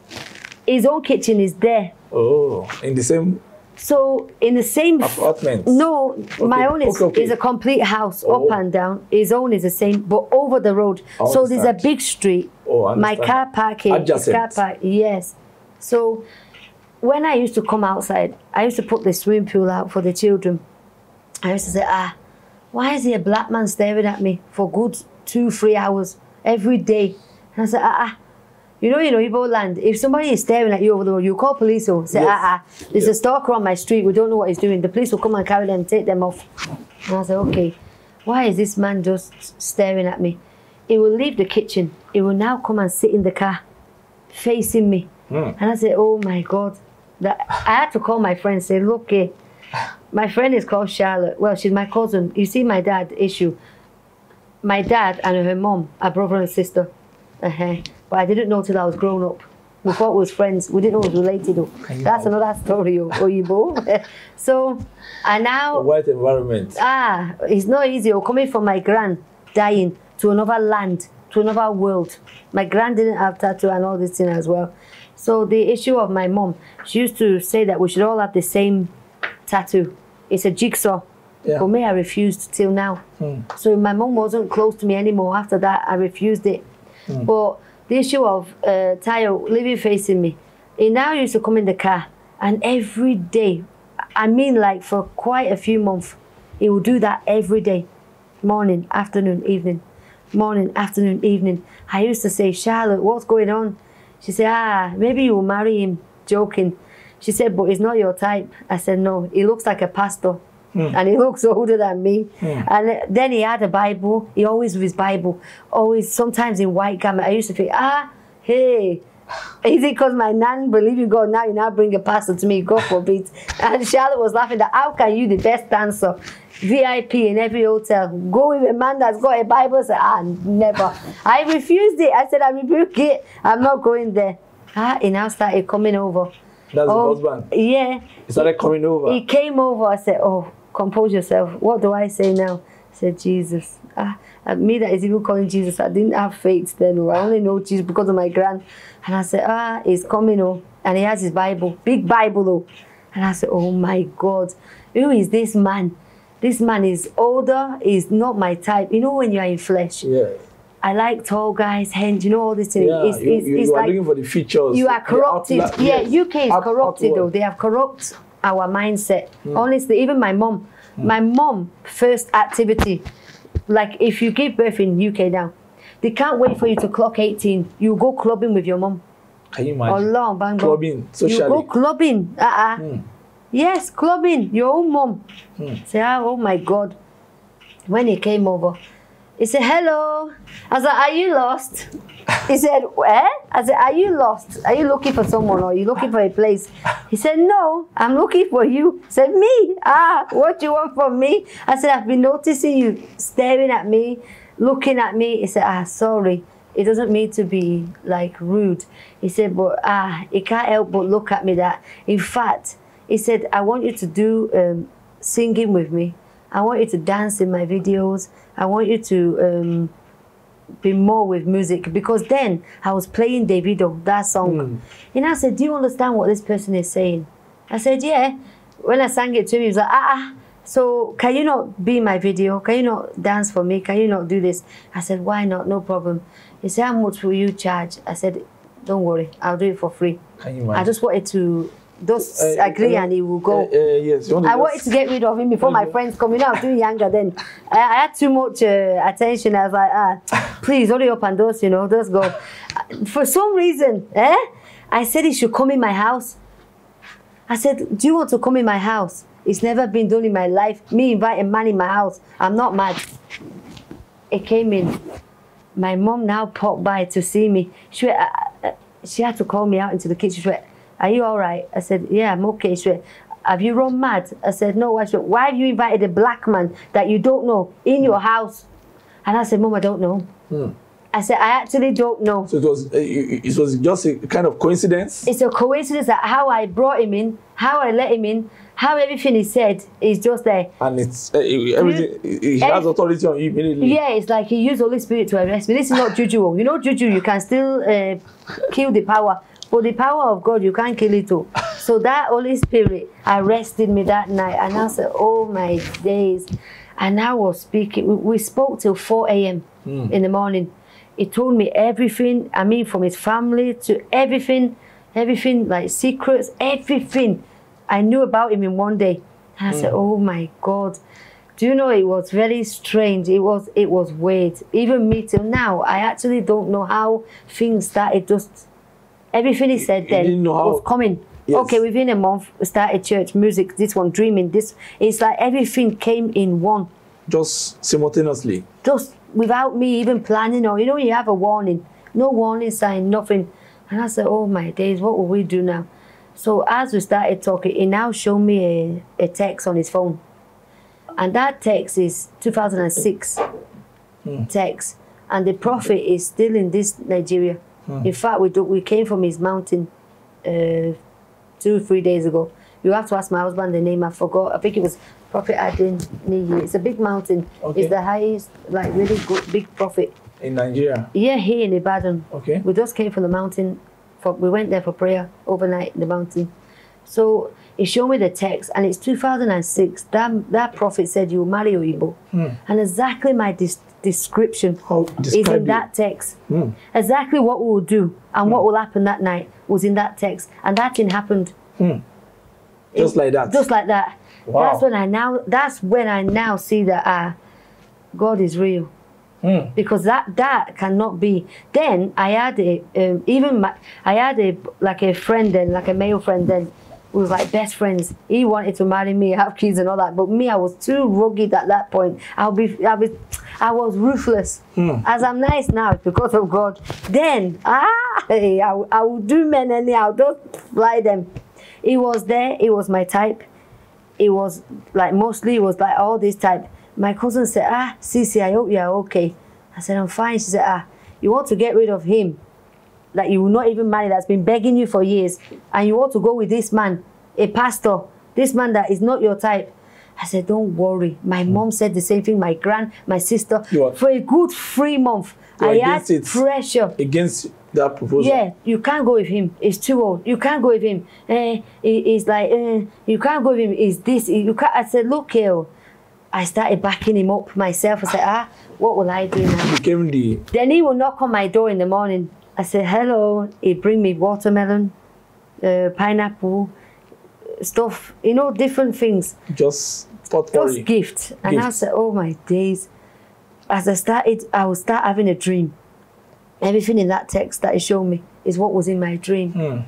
Speaker 1: His own kitchen is there.
Speaker 2: Oh, in the same
Speaker 1: so in the same
Speaker 2: apartment.
Speaker 1: No, okay. my own is, okay, okay. is a complete house, oh. up and down. His own is the same, but over the road. So there's a big street. Oh, my car parking. his Car park. Yes. So when I used to come outside, I used to put the swimming pool out for the children. I used to say, ah, why is there a black man staring at me for good two, three hours every day? And I said, ah, ah you know, you in Igbo land, if somebody is staring at you over the road, you call police or oh, say, yes. ah, ah, there's a stalker on my street, we don't know what he's doing. The police will come and carry them, take them off. And I said, okay, why is this man just staring at me? He will leave the kitchen. He will now come and sit in the car, facing me. Mm. And I said, oh my God. That, I had to call my friend say, look, eh, my friend is called Charlotte. Well, she's my cousin. You see my dad issue. My dad and her mom are brother and sister. Uh -huh but I didn't know till I was grown up. We thought we was friends. We didn't know it was related. Though. That's another story, oh, Oyibo. *laughs* so, and now... The
Speaker 2: white environment.
Speaker 1: Ah, it's not easy. Oh, coming from my grand, dying, to another land, to another world. My grand didn't have tattoo and all this thing as well. So the issue of my mom, she used to say that we should all have the same tattoo. It's a jigsaw. Yeah. me, I refused till now. Mm. So my mom wasn't close to me anymore after that. I refused it. Mm. But the issue of uh, Tayo living facing me, he now used to come in the car and every day, I mean like for quite a few months, he would do that every day, morning, afternoon, evening, morning, afternoon, evening. I used to say, Charlotte, what's going on? She said, ah, maybe you will marry him, joking. She said, but he's not your type. I said, no, he looks like a pastor. Mm. And he looks older than me. Mm. And then he had a Bible. He always with his Bible. Always, sometimes in white garment. I used to think, ah, hey, is it because my nan believe in God now you now bring a pastor to me? God forbid. *laughs* and Charlotte was laughing that how can you the best dancer? VIP in every hotel. Go with a man that's got a Bible. Say, ah, never. I refused it. I said, I rebuke it. I'm not going there. Ah, he now started coming over. That's oh,
Speaker 2: the husband. Yeah. He started coming over. He
Speaker 1: came over. I said, oh, compose yourself. What do I say now? I said, Jesus. Ah, uh, me that is even calling Jesus. I didn't have faith then. Oh, I only know Jesus because of my grand. And I said, ah, he's coming oh. And he has his Bible, big Bible oh. And I said, oh my God, who is this man? This man is older, He's not my type. You know when you are in flesh? Yeah. I like tall guys, hands,
Speaker 2: you know, all this thing. Yeah, it's, you, it's, you, it's you like, are looking for the features. You are corrupted. yeah, yes. UK
Speaker 1: is corrupted outward. though. They have corrupt our mindset. Mm. Honestly, even my mom, mm. my mom first activity, like if you give birth in UK now, they can't wait for you to clock 18. You go clubbing with your mom.
Speaker 2: Can you imagine? Allah, bang, clubbing, socially. You go
Speaker 1: clubbing. Uh-uh. Mm. Yes, clubbing, your own mom. Hmm. Say, so, ah, oh my God. When he came over, He said, hello. I said, are you lost? He said, "Where?" Eh? I said, are you lost? Are you looking for someone or are you looking for a place? He said, no, I'm looking for you. He said, me? Ah, what do you want from me? I said, I've been noticing you staring at me, looking at me. He said, ah, sorry. It doesn't mean to be like rude. He said, but ah, it can't help but look at me that. In fact, he said, I want you to do um, singing with me. I want you to dance in my videos. I want you to um, be more with music because then I was playing Davido, that song. Mm. And I said, Do you understand what this person is saying? I said, Yeah. When I sang it to him, he was like, Ah, ah. So can you not be in my video? Can you not dance for me? Can you not do this? I said, Why not? No problem. He said, How much will you charge? I said, Don't worry, I'll do it for free. I just wanted to those uh, uh, agree uh, and he will go. Uh, uh
Speaker 2: yes, I wanted to get rid of him before my
Speaker 1: friends come. You know, I was doing younger then. I, I had too much uh, attention. I was like, ah, please hurry up and those, you know, those go. For some reason, eh? I said he should come in my house. I said, do you want to come in my house? It's never been done in my life. Me invite a man in my house. I'm not mad. It came in. My mom now popped by to see me. She, she had to call me out into the kitchen. She went, are you all right? I said, yeah, I'm okay. She went, have you run mad? I said, no. I said, why have you invited a black man that you don't know in mm. your house? And I said, mom, I don't know. Mm. I said, I actually don't
Speaker 2: know. So it was, uh, it was just a kind of coincidence?
Speaker 1: It's a coincidence that how I brought him in, how I let him in, how everything is said is just there.
Speaker 2: And it's, uh, everything, he has authority on you immediately.
Speaker 1: Yeah, it's like he used Holy Spirit to arrest me. This is not juju. Oh. You know juju, you can still uh, kill the power. But the power of God, you can't kill it all. *laughs* so that Holy Spirit arrested me that night, and I said, "Oh my days!" And I was speaking. We, spoke till four a.m. Mm. in the morning. He told me everything. I mean, from his family to everything, everything like secrets, everything I knew about him in one day. And I mm. said, "Oh my God." do you know it was very strange it was it was weird even me till now i actually don't know how things started just Everything is said then. was coming. Yes. Okay, within a month, start a church, music, this one, dreaming, this. It's like everything came in one.
Speaker 2: Just simultaneously.
Speaker 1: Just without me even planning or, you know, you have a warning. No warning sign, nothing. And I said, oh my days, what will we do now? So as we started talking, he now showed me a, a text on his phone. And that text is 2006 hmm. text. And the prophet is still in this Nigeria. Hmm. In fact, we, do, we came from his mountain uh, two, three days ago. You have to ask my husband the name. I forgot. I think it was Prophet Adin Niyi. It's a big mountain. Okay. It's the highest, like really good, big prophet.
Speaker 2: In Nigeria?
Speaker 1: Yeah, here in Ibadan. Okay. We just came from the mountain. For, we went there for prayer overnight in the mountain. So he showed me the text, and it's 2006. That, that prophet said, You marry Oyibo, Hmm. And exactly my dis description oh, is in that text. Mm. Exactly what we will do and mm. what hmm. will happen that night was in that text. And that thing happened. Mm.
Speaker 2: Just it, like that. Just
Speaker 1: like that. Wow. That's when I now that's when I now see that uh, God is real. Hmm. Because that that cannot be. Then I had a um, even my, I had a like a friend then like a male friend then we were like best friends. He wanted to marry me, *laughs* have kids and all that. But me, I was too rugged at that point. I'll be, I'll be, I was ruthless. Mm. As I'm nice now, because of God. Then, ah, I, I would do men anyhow, don't fly them. It was there, it was my type. It was like, mostly it was like all this type. My cousin said, ah, Cece, I hope you're okay. I said, I'm fine. She said, ah, you want to get rid of him Like you will not even marry that's been begging you for years and you want to go with this man a pastor this man that is not your type I said, don't worry. My mom hmm. said the same thing, my grand, my sister. For a good three months, I had it, pressure.
Speaker 2: Against that proposal. Yeah,
Speaker 1: you can't go with him. It's too old. You can't go with him. Eh, it's like, eh, you can't go with him. Is this. You can't. I said, look here. I started backing him up myself. I said, ah, what will I do now? Became the... Then he will knock on my door in the morning. I said, hello. He bring me watermelon, uh, pineapple, stuff, you know, different things.
Speaker 2: Just potpourri. Just gifts. Gift. And I said,
Speaker 1: oh my days. As I started, I would start having a dream. Everything in that text that he showed me is what was in my dream. Mm.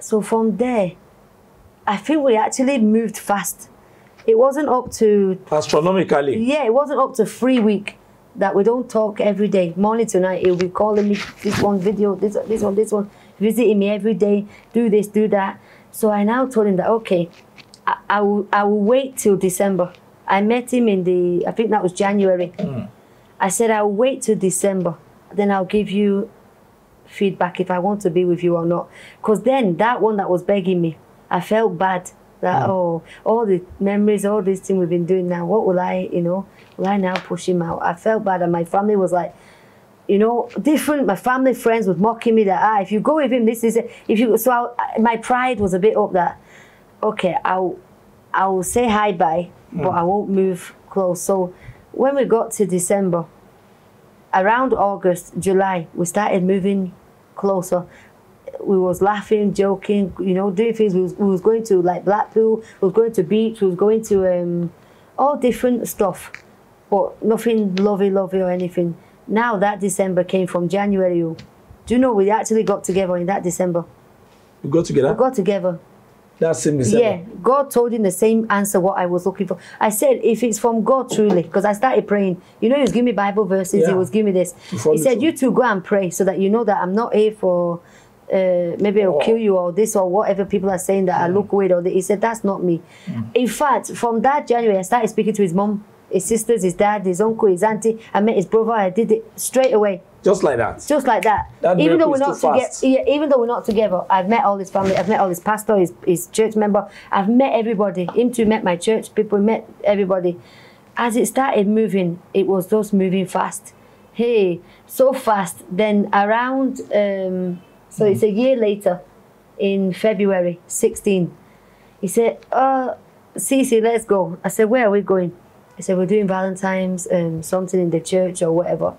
Speaker 1: So from there, I think we actually moved fast. It wasn't up to...
Speaker 2: Astronomically?
Speaker 1: Yeah, it wasn't up to three week that we don't talk every day. Morning to night, he'll be calling me this one video, this, this one, this one, visiting me every day, do this, do that. So I now told him that, okay, I, I, will, I will wait till December. I met him in the, I think that was January. Mm. I said, I'll wait till December. Then I'll give you feedback if I want to be with you or not. Because then that one that was begging me, I felt bad that, mm. oh, all the memories, all this thing we've been doing now, what will I, you know, will I now push him out? I felt bad. And my family was like, you know, different. My family friends was mocking me that ah, if you go with him, this is it. if you. So I, my pride was a bit up that. Okay, I'll I'll say hi bye, mm. but hmm. I won't move close. So when we got to December, around August, July, we started moving closer. We was laughing, joking, you know, doing things. We was, we was going to like Blackpool. We was going to beach. We was going to um, all different stuff, but nothing lovey lovey or anything. Now that December came from January. Oh. Do you know we actually got together in that December?
Speaker 2: We got together? We got together. That same December? Yeah.
Speaker 1: God told him the same answer what I was looking for. I said, if it's from God truly, because I started praying. You know, he was giving me Bible verses, yeah. he was giving me this. Before he said, you two go and pray so that you know that I'm not here for uh, maybe I'll oh. kill you or this or whatever people are saying that mm. I look weird or they, he said that's not me. Mm. In fact, from that January I started speaking to his mom his sisters, his dad, his uncle, his auntie. I met his brother. I did it straight away. Just like that. Just like that. that even though we're not together, yeah, even though we're not together, I've met all his family. I've met all his pastor, his, his church member. I've met everybody. Him too met my church people. Met everybody. As it started moving, it was just moving fast. Hey, so fast. Then around, um, so mm. it's a year later, in February 16. He said, "Uh, Cece, let's go." I said, "Where are we going?" I said, we're doing Valentine's, um, something in the church or whatever.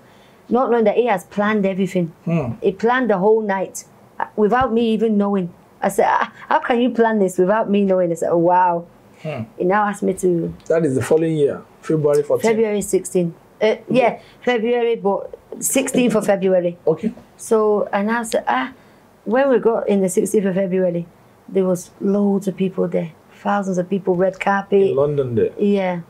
Speaker 1: Not knowing that he has planned everything. Mm. He planned the whole night uh, without me even knowing. I said, ah, how can you plan this without me knowing? I said, oh, wow. Hmm. He now asked me to.
Speaker 2: That is the following year, February 14. February
Speaker 1: 16. Uh, yeah, February, but 16th of February. Okay. So, and I said, ah, when we got in the 16th of February, there was loads of people there, thousands of people, red carpet. In London there? Yeah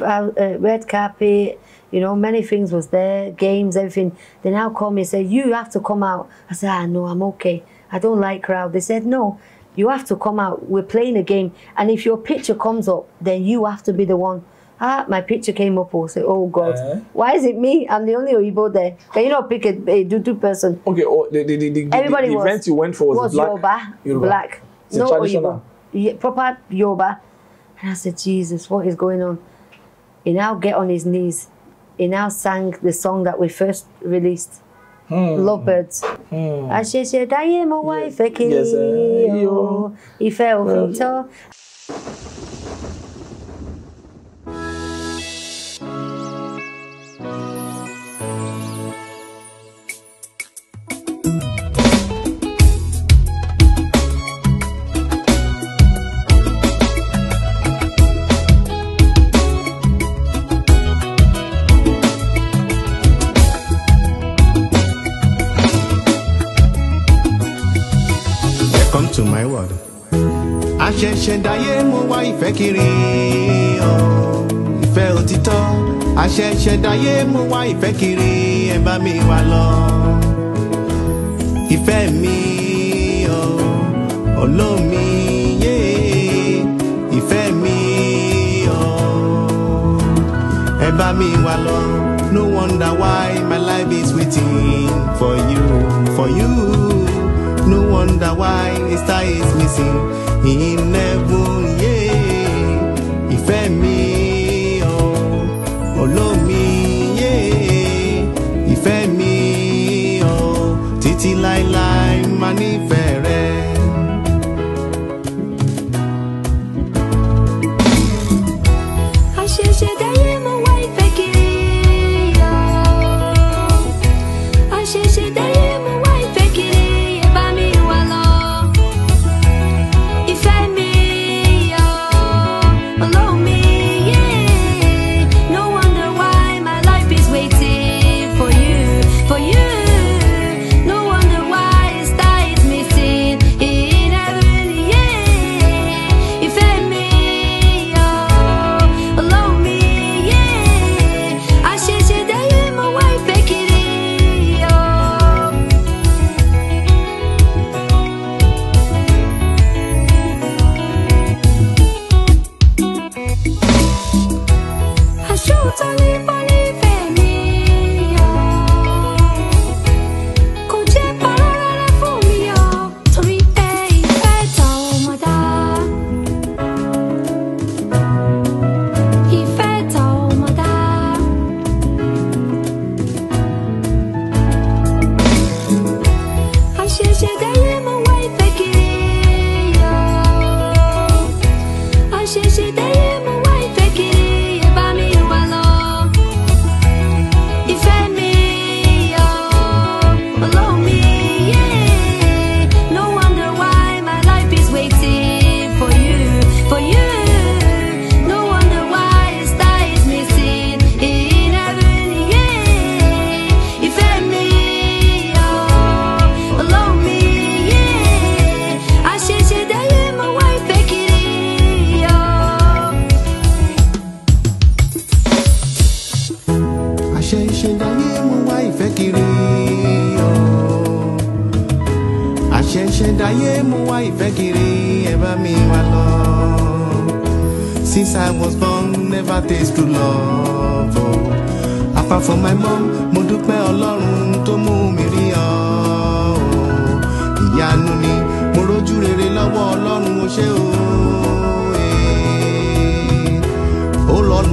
Speaker 1: uh, red carpet, you know, many things was there, games, everything. They now call me and say, you have to come out. I said, ah, no, I'm okay. I don't like crowd. They said, no, you have to come out. We're playing a game. And if your picture comes up, then you have to be the one. Ah, my picture came up also. Oh God, uh -huh. why is it me? I'm the only Oibo there. Can you not pick a, a two person?
Speaker 2: Okay, or oh, the, the, the, Everybody the, the was, event you went for was, was black. Yoruba, Yoruba. black.
Speaker 1: It's no Oibo. Yeah, proper Yoruba. And I said, Jesus, what is going on? He now get on his knees. He now sang the song that we first released. Mm. Lovebirds. Mm. Àṣẹ̀ṣẹ̀ dáyé mo a ìfẹ́ kiri o, he fell tọ́.
Speaker 3: àṣẹ̀dáyé mo wá ìfẹ́ kiri o ìfẹ́ òtítọ́ àṣẹ̀ṣẹ̀dáyé mo wá ìfẹ́ kiri ẹ bá mi wá lọ ìfẹ́ mi o olómi yé ìfẹ́ mi o ẹ bá mi wá lọ no wonder why my life is waiting for you for you. No wonder why his tie is missing in heaven, yeah. Ìfẹ́ mi.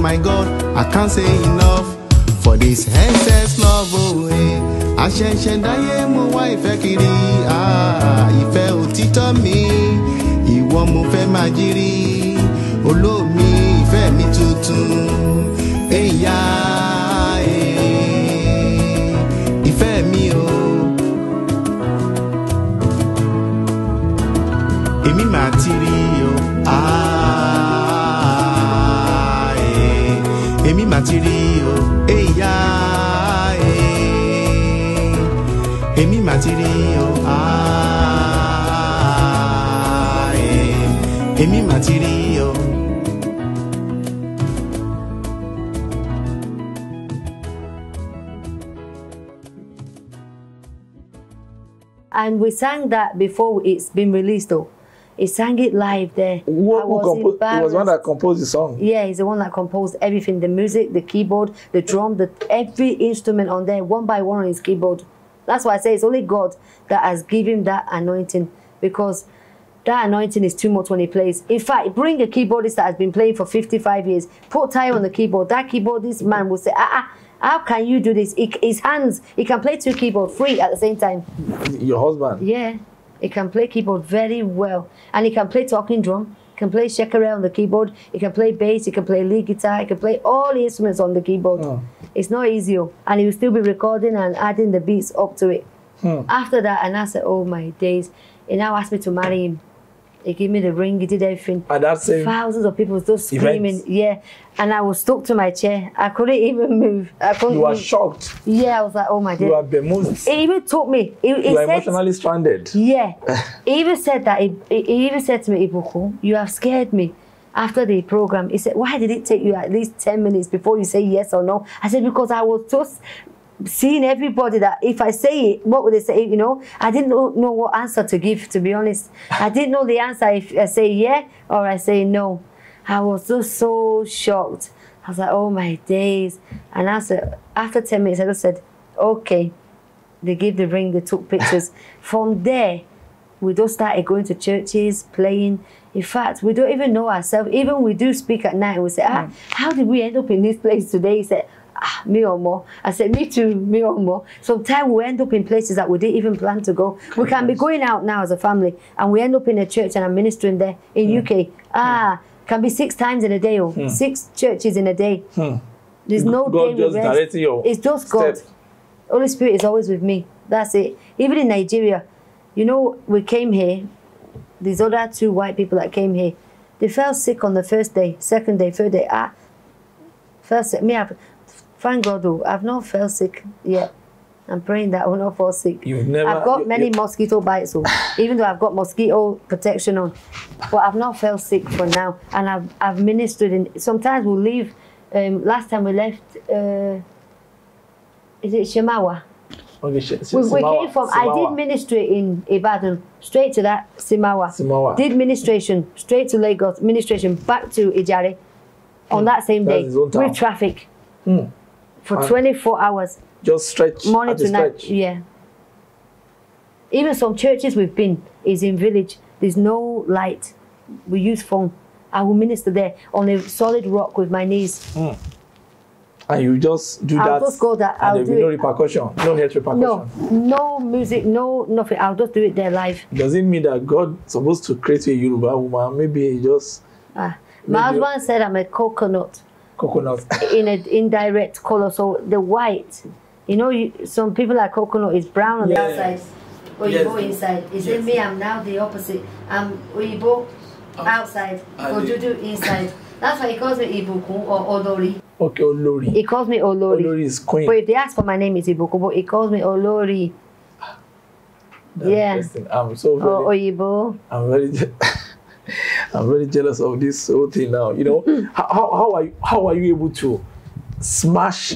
Speaker 3: Oh my God, I can't say enough for this endless love. Oh, eh. Àṣẹ̀ṣẹ̀dáyé mo wá ìfẹ́ kiri, ah, ìfẹ́ òtítọ́ mi, ìwọ mo fẹ́ máa jírí, olómi ìfẹ́ mi tuntun. èyà ẹ̀ èmi èmi
Speaker 1: And we sang that before it's been released though. He sang it live there. What, was who was
Speaker 2: one that composed the song?
Speaker 1: Yeah, he's the one that composed everything: the music, the keyboard, the drum, the every instrument on there, one by one on his keyboard. That's why I say it's only God that has given that anointing because that anointing is too much when he plays. In fact, bring a keyboardist that has been playing for 55 years, put Ty on the keyboard. That keyboardist man will say, ah, ah how can you do this? He, his hands, he can play two keyboards free at the same time. Your husband? Yeah. He can play keyboard very well. And he can play talking drum, he can play Shakira on the keyboard, he can play bass, he can play lead guitar, he can play all the instruments on the keyboard. Oh. It's not easy. Oh. And he will still be recording and adding the beats up to it. Hmm. After that, and I said, oh my days. He now asked me to marry him. He gave me the ring, he did everything.
Speaker 2: And that's same. Thousands
Speaker 1: of people still screaming. Events. Yeah. And I was stuck to my chair. I couldn't even
Speaker 2: move. I couldn't You were move. shocked.
Speaker 1: Yeah, I was like, oh my God. You were bemused. He even took me. He, he you were emotionally
Speaker 2: stranded. Yeah.
Speaker 1: he *laughs* even said that. He, he even said to me, Ibuku, you have scared me after the program, he said, Why did it take you at least 10 minutes before you say yes or no? I said, Because I was just seeing everybody that if I say it, what would they say? You know, I didn't know, know what answer to give, to be honest. I *laughs* didn't know the answer if I say yeah or I say no. I was just so shocked. I was like, oh my days. And after, after 10 minutes, I just said, okay. They gave the ring, they took pictures. *laughs* From there, we just started going to churches, playing. In fact, we don't even know ourselves. Even we do speak at night, we say, ah, hmm. how did we end up in this place today? He said, ah, me or more. I said, me too, me or more. Sometimes we end up in places that we didn't even plan to go. We can be going out now as a family and we end up in a church and I'm ministering there in yeah. UK. Ah, yeah. can be six times in a day or yeah. Hmm. six churches in a day. Hmm. There's no God day just rest. Oh, it's just God. Holy Spirit is always with me. That's it. Even in Nigeria, you know, we came here, these other two white people that came here, they fell sick on the first day, second day, third day. Ah, first, me, I, Thank God, though, I've not felt sick yet. I'm praying that I will not fall sick. You've never, I've got many mosquito bites, so even though I've got mosquito protection on, but I've not felt sick for now. And I've, I've ministered in, sometimes we leave, um, last time we left, uh, is it Shemawa?
Speaker 2: Okay, sh we, we came from, Simawa. I did
Speaker 1: ministry in Ibadan, straight to that, Simawa. Simawa. Did ministration, straight to Lagos, ministration, back to Ijare on mm. that same day with traffic. Mm for and 24 hours.
Speaker 2: Just stretch. Morning to night. Yeah.
Speaker 1: Even some churches we've been is in village. There's no light. We use phone. I will minister there on a solid rock with my knees. Mm.
Speaker 2: And you just do I'll that. Just go that. I'll do no it. repercussion, no health repercussion. No,
Speaker 1: no music, no nothing.
Speaker 2: I'll just do it there live. Does it mean that God supposed to create a Yoruba woman? Maybe he just. Ah, my husband
Speaker 1: said I'm a coconut. coconut. in an indirect color, so the white, you know, you, some people like coconut is brown on yeah, the outside, yeah. you go inside. Is yes. it me? I'm now the opposite. I'm Oyibo um, ah. outside, ah, Odudu inside. That's why he calls me Ibukun or Olori.
Speaker 2: Okay, Olori.
Speaker 1: He calls me Olori. Olori is queen. But if they ask for my name, it's Ibukun, but he calls me Olori.
Speaker 2: That's yeah. I'm so very, oh,
Speaker 1: Oyibo.
Speaker 2: I'm very. *laughs* I'm very jealous of this whole thing now. You know, mm-hmm. how, how, are you, how are you able to smash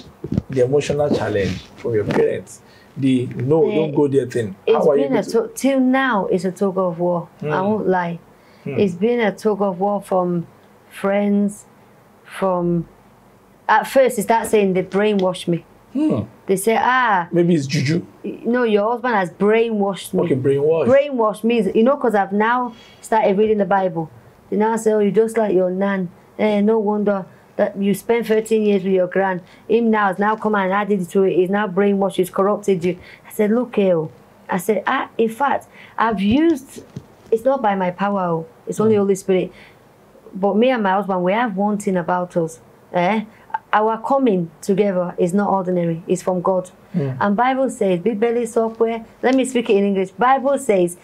Speaker 2: the emotional challenge from your parents? The no, uh, don't go there thing. How are been a to-
Speaker 1: till now. It's a talk of war. Mm. I hmm. won't lie. Mm. It's been a talk of war from friends, from. At first, They start saying they brainwashed me. Hmm. They say, ah. Maybe it's juju. No, your husband has brainwashed
Speaker 2: me. Okay, brainwashed.
Speaker 1: Brainwashed means, you know, because I've now started reading the Bible. You now say, oh, you just like your nan. Eh, no wonder that you spent 13 years with your grand. Him now has now come and added to it. He's now brainwashed. He's corrupted you. I said, look here. Oh. I said, ah, in fact, I've used, it's not by my power. Oh, it's only mm. Holy Spirit. But me and my husband, we have one thing about us. Eh? Our coming together is not ordinary. It's from God. And Bible says, be belly software. Let me speak it in English. Bible says,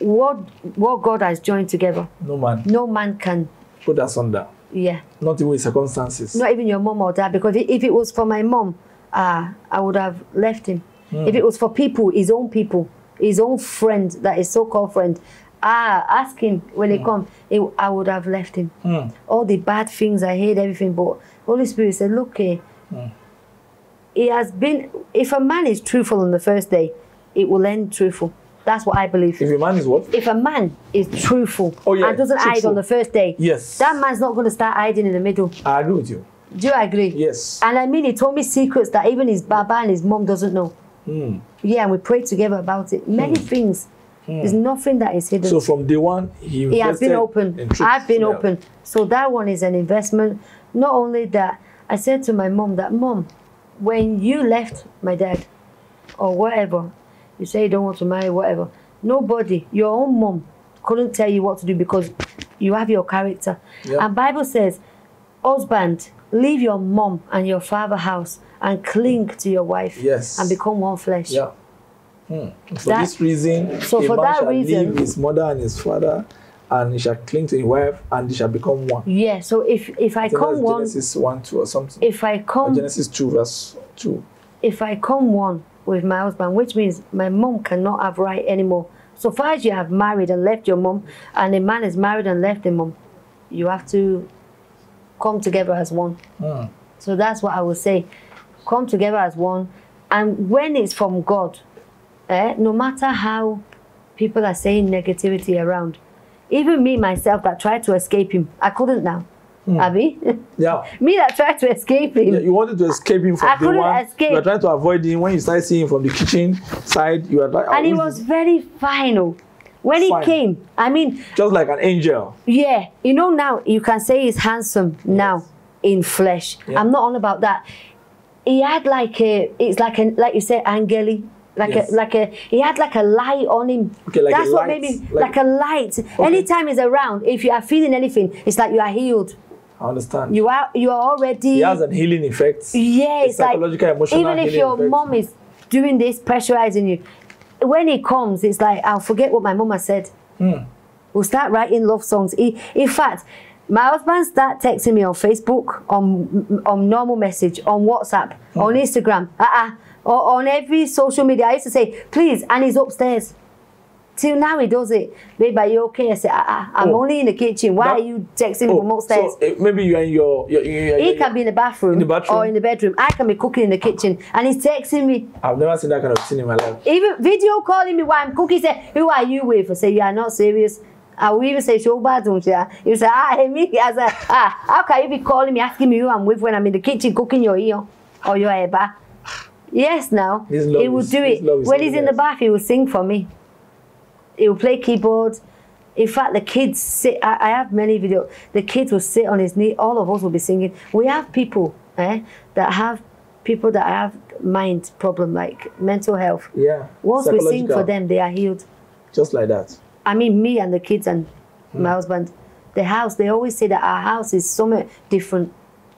Speaker 1: what what God has joined together. No man. No man
Speaker 2: can put us under. Yeah. Not even circumstances. Not
Speaker 1: even your mom or dad. Because if it was for my mom, uh, I would have left him. Mm. If it was for people, his own people, his own friend, that is so-called friend, ah, ask him when he hmm. come, comes. I would have left him. Mm. All the bad things, I hate everything. But Holy Spirit said, look, here. mm. he has been, if a man is truthful on the first day, it will end truthful. That's what I believe. If a man is what? If a man is truthful oh, yeah, and doesn't truthful. hide on the first day, yes, that man's not going to start hiding in the middle. I agree with you. Do you agree? Yes. And I mean, he told me secrets that even his baba and his mom doesn't know. Mm. Yeah, and we prayed together about it. Many mm. things. Mm. There's nothing that is hidden. So from
Speaker 2: day one, he, he has been open. I've been open.
Speaker 1: So that one is an investment. Not only that, I said to my mom that, Mom, when you left my dad or whatever, you say you don't want to marry, whatever. Nobody, your own mom, couldn't tell you what to do because you have your character. Yep. And Bible says, husband, leave your mom and your father house
Speaker 2: and cling to your wife. Yes. And become one flesh. Yeah.
Speaker 4: Hmm. For that, this reason, so a for man that shall reason, leave his
Speaker 2: mother and his father, and he shall cling to his wife, and he shall become one. Yeah. So if if I, I come one, Genesis one two or something. If I come or Genesis two verse two.
Speaker 1: If I come one, with my husband, which means my mom cannot have right anymore. So far as you have married and left your mom, and a man is married and left a mom, you have to come together as one. Mm. So that's what I would say. Come together as one. And when it's from God, eh, no matter how people are saying negativity around, even me myself that tried to escape him, I couldn't now. Hmm. Abby?
Speaker 2: Yeah. *laughs* Me that tried to escape him. Yeah, you wanted to escape him from I the couldn't one. Escape. You were trying to avoid him. When you started seeing him from the kitchen side, you were like, And he was very
Speaker 1: final When fine. he came,
Speaker 2: I mean. Just like an angel.
Speaker 1: Yeah. You know, now you can say he's handsome now in flesh. Yeah. I'm not on about that. He had like a, it's like an, like you say, angelic like yes. a like a he had like a light on him. Okay, like That's what light, made me like, like a light. Okay. Anytime he's around, if you are feeling anything, it's like you are healed. I understand. You are you are already.
Speaker 2: It has an healing effect.
Speaker 1: Yes,
Speaker 2: psychological, like, emotional. Even if your effect.
Speaker 1: mom is doing this, pressurizing you, when it comes, it's like I'll forget what my mama said. Mm. We'll start writing love songs. In fact, my husband start texting me on Facebook, on on normal message, on WhatsApp, mm. on hmm. Instagram, uh, uh on every social media. I used to say, please, and he's upstairs. Till now he does it. Babe, are you okay? I say, ah, ah I, am oh, only in the kitchen. Why that, are you
Speaker 2: texting oh, from upstairs? So, uh, maybe you are in your. your, your, your he your,
Speaker 1: can be in the bathroom. In the bathroom. Or in the bedroom. I can be cooking in the kitchen, and he's texting me.
Speaker 2: I've never seen that kind of scene in my life.
Speaker 1: Even video calling me while I'm cooking. Say, who are you with? I say, you are not serious. I will even say, show bathroom, yeah. You say, ah, hey, *laughs* me. I say, ah, how can you be calling me, asking me who I'm with when I'm in the kitchen cooking your ear or your eba? Yes, now. He will do it. When he's in the bath, he will sing for me he'll play keyboard. In fact, the kids sit, I, I have many videos, the kids will sit on his knee, all of us will be singing. We have people eh, that have people that have mind problem, like mental health. Yeah. Once we sing for them, they are healed. Just like that. I mean, me and the kids and hmm. my husband, the house, they always say that our house is so different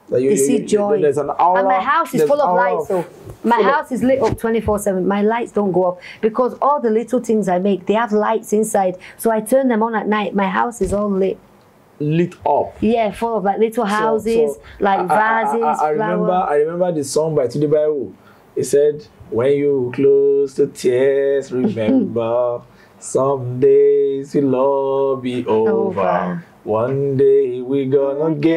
Speaker 4: like you, you, see joy. There's an aura. And my house is full of lights.
Speaker 1: So my house is lit up 24 7. My lights don't go off because all the little things I make, they have lights inside. So I turn them on at night. My house is all lit. Lit
Speaker 2: up. Yeah, full of like little houses, so, so like I, vases. I, I, I remember I remember the song by Tudibayo. It said, When you close the tears, *laughs* remember some days will all be over. over. One day we gonna get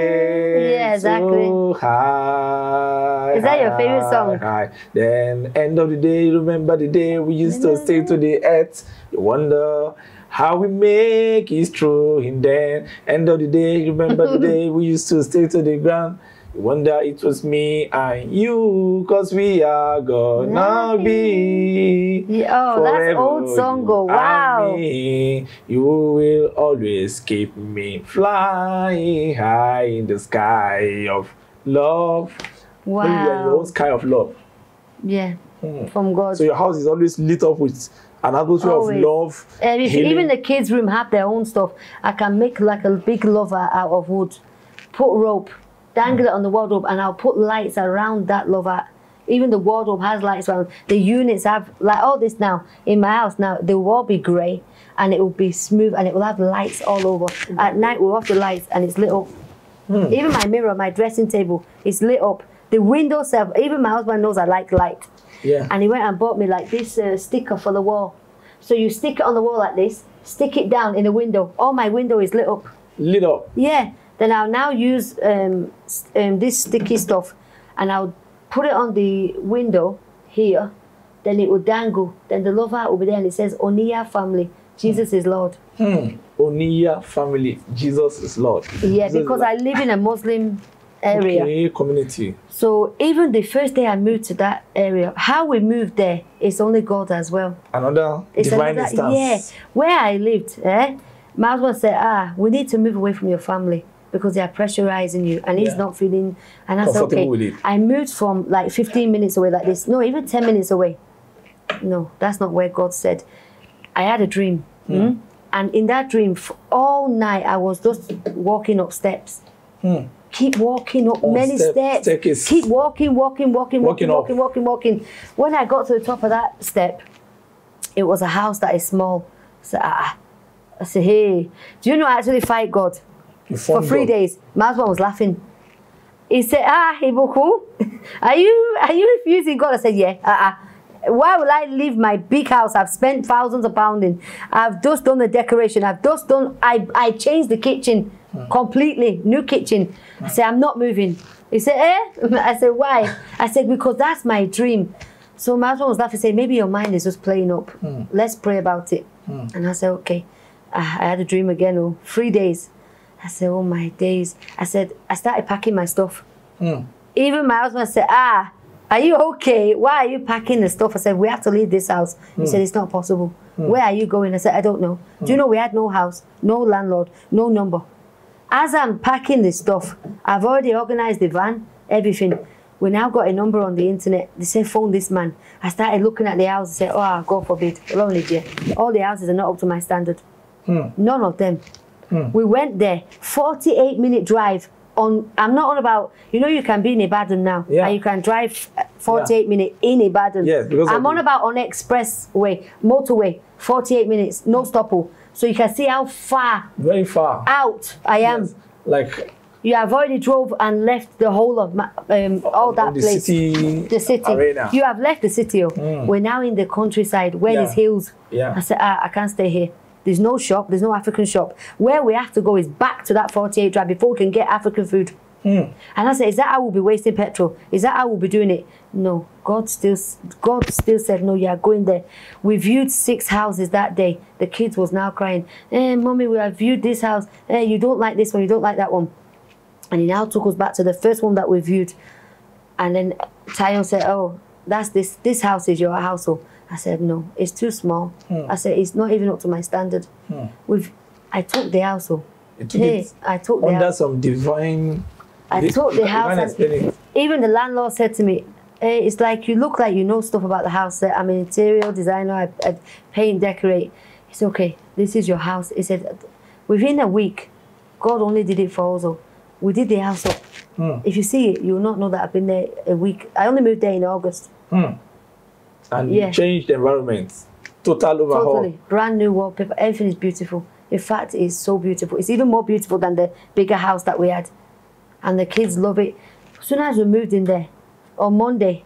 Speaker 2: yeah, exactly. so high. Is that your favorite song? High. Then end of the day, remember the day we used to stay to the earth. You wonder how we make it through. And then end of the day, remember the *laughs* day we used to stay to the ground. Wonder it was me and you, cause we are gonna be. Yeah, oh, that's old song. Go oh, wow. Me. You will always keep me flying high in the sky of love.
Speaker 4: Wow.
Speaker 1: you are your
Speaker 2: own sky of love. Yeah. Hmm. From God. So your house is always lit up with an atmosphere Always. of love. And if even
Speaker 1: the kids' room have their own stuff, I can make like a big lover out of wood, put rope, dangle mm. it on the wardrobe, and I'll put lights around that lover. Even the wardrobe has lights around. The units have like all this now in my house. Now they will all be grey, and it will be smooth, and it will have lights all over. Mm. At night we'll off the lights, and it's lit up. Mm. Even my mirror, my dressing table, it's lit up. The window self, even my husband knows I like light. Yeah. And he went and bought me like this uh, sticker for the wall. So you stick it on the wall like this, stick it down in the window. All my window is lit up. Lit up. Yeah. Then I'll now use um, um, this sticky stuff and I'll put it on the window here. Then it will dangle. Then the lover will be there and it says, Onia family, Jesus is Lord. Hmm.
Speaker 2: Onia family, Jesus is Lord. Yeah, Jesus because I
Speaker 1: live in a Muslim area.
Speaker 2: Okay, community.
Speaker 1: So even the first day I moved to that area, how we moved there is only God as well.
Speaker 2: Another it's divine another, instance.
Speaker 1: Yeah, where I lived, eh? My husband said, ah, we need to move away from your family because they are pressurizing you and he's yeah. not feeling and that's okay i moved from like 15 minutes away like this no even 10 minutes away no that's not where god said i had a dream mm. Mm? and in that dream all night i was just walking up steps mm. keep walking up many step, steps staircase. keep walking walking walking walking walking walking, walking walking when i got to the top of that step it was a house that is small so, ah, i said hey do you know i actually fight god for three days, days. Maswa was laughing. He said, Ah, Ibuku, *laughs* are you are you refusing God? I said, Yeah. Uh-uh. Why will I leave my big house? I've spent thousands of pounds in. I've just done the decoration. I've just done. I I changed the kitchen completely, new kitchen. I said, I'm not moving. He said, Eh? *laughs* I said, Why? I said, Because that's my dream. So Maswa was laughing, saying, Maybe your mind is just playing up. Mm. Let's pray about it. Hmm. And I said, Okay. I, I had a dream again. Oh, three days. I said, oh my days. I said, I started packing my stuff. Mm. Even my husband said, ah, are you okay? Why are you packing the stuff? I said, we have to leave this house. He hmm. said, it's not possible. Mm. Where are you going? I said, I don't know. Do you hmm. know we had no house, no landlord, no number. As I'm packing the stuff, I've already organized the van, everything. We now got a number on the internet. They said, phone this man. I started looking at the houses. Said, oh, God forbid, lonely dear. All the houses are not up to my standard. Hmm. None of them. Mm. We went there, 48 minute drive on, I'm not all about you know you can be in Ibadan now yeah. and you can drive uh, 48 yeah. minutes in Ibadan. Yes, I'm on about on expressway, motorway, 48 minutes, no hmm. stopper. So you can see how far
Speaker 2: very far
Speaker 1: out I am. Yes. Like you have already drove and left the whole of my, um, oh, all that the place. City
Speaker 2: the city. Arena. You
Speaker 1: have left the city. Oh. Mm. We're now in the countryside where yeah. hills. Yeah. I said, ah, I can't stay here. There's no shop. There's no African shop. Where we have to go is back to that 48 drive before we can get African food. Mm. And I said, is that how we'll be wasting petrol? Is that how we'll be doing it? No. God still, God still said, no, you are going there. We viewed six houses that day. The kids was now crying, Hey, eh, mommy, we have viewed this house. Hey, eh, you don't like this one, you don't like that one. And he now took us back to the first one that we viewed. And then Tayon said, oh, that's this, this house is your household. I said, no, it's too small. Hmm. I said, it's not even up to my standard. Mm. We've, I took the house. Oh. hey, I took under the
Speaker 2: house. some divine. I took the house.
Speaker 1: even the landlord said to me, hey, it's like you look like you know stuff about the house. I'm an interior designer. I, I paint decorate. It's okay. This is your house. He said, within a week, God only did it for us. Oh. We did the house up. Hmm. If you see it, you will not know that I've been there a week. I only moved there in August.
Speaker 2: Hmm and change changed environments. Total overhaul. Totally.
Speaker 1: Brand new wallpaper. Everything is beautiful. In fact, it's so beautiful. It's even more beautiful than the bigger house that we had. And the kids love it. As soon as we moved in there, on Monday,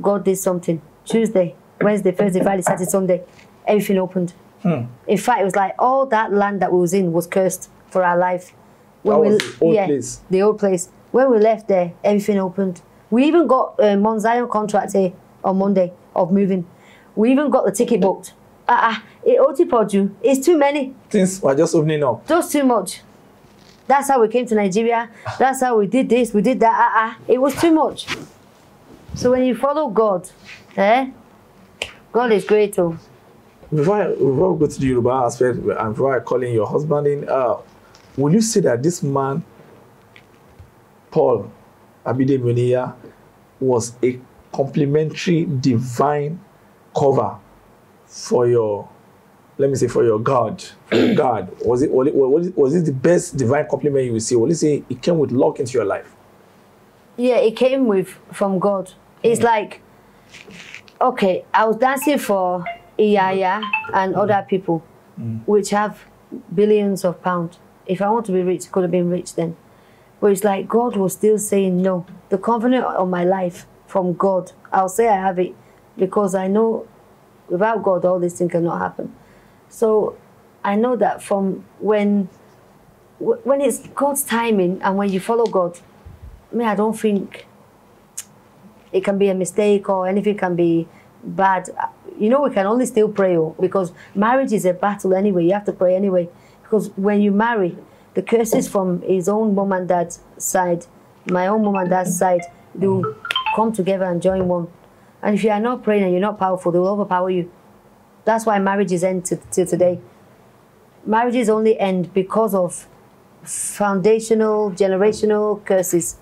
Speaker 1: God did something. Tuesday, Wednesday, Thursday, Friday, Saturday, Sunday, everything opened. Hmm. In fact, it was like all that land that we was in was cursed for our life. When we, the old yeah, place. The old place. When we left there, everything opened. We even got a uh, Mount contract here on Monday of moving. We even got the ticket booked. Ah, uh, uh, you. it's too many.
Speaker 2: Things were just opening up.
Speaker 1: Just too much. That's how we came to Nigeria. That's how we did this, we did that. Ah, uh, uh, it was too much. So when you follow God, eh? God is great. Too. Oh.
Speaker 2: Before, I, before we go to the Yoruba aspect and before I call in your husband in, uh, will you say that this man, Paul Abide Abidemuniya, was a complementary divine cover for your let me say for your God, for your God, was it, was it was it the best divine compliment you received? Well, let's say it came with luck into your life.
Speaker 1: Yeah, it came with from God. It's mm. like, okay, I was dancing for Iyaya and mm. other people, mm. which have billions of pounds. If I want to be rich, could have been rich then. But it's like God was still saying no. The covenant of my life from God. I'll say I have it because I know without God all these things cannot happen. So I know that from when when it's God's timing and when you follow God, I mean I don't think it can be a mistake or anything can be bad. You know we can only still pray oh, because marriage is a battle anyway. You have to pray anyway because when you marry, the curses from his own mom and dad's side, my own mom and dad's side, do come together and join one. And if you are not praying and you're not powerful, they will overpower you. That's why marriages end to, to today. Marriages only end because of foundational, generational curses.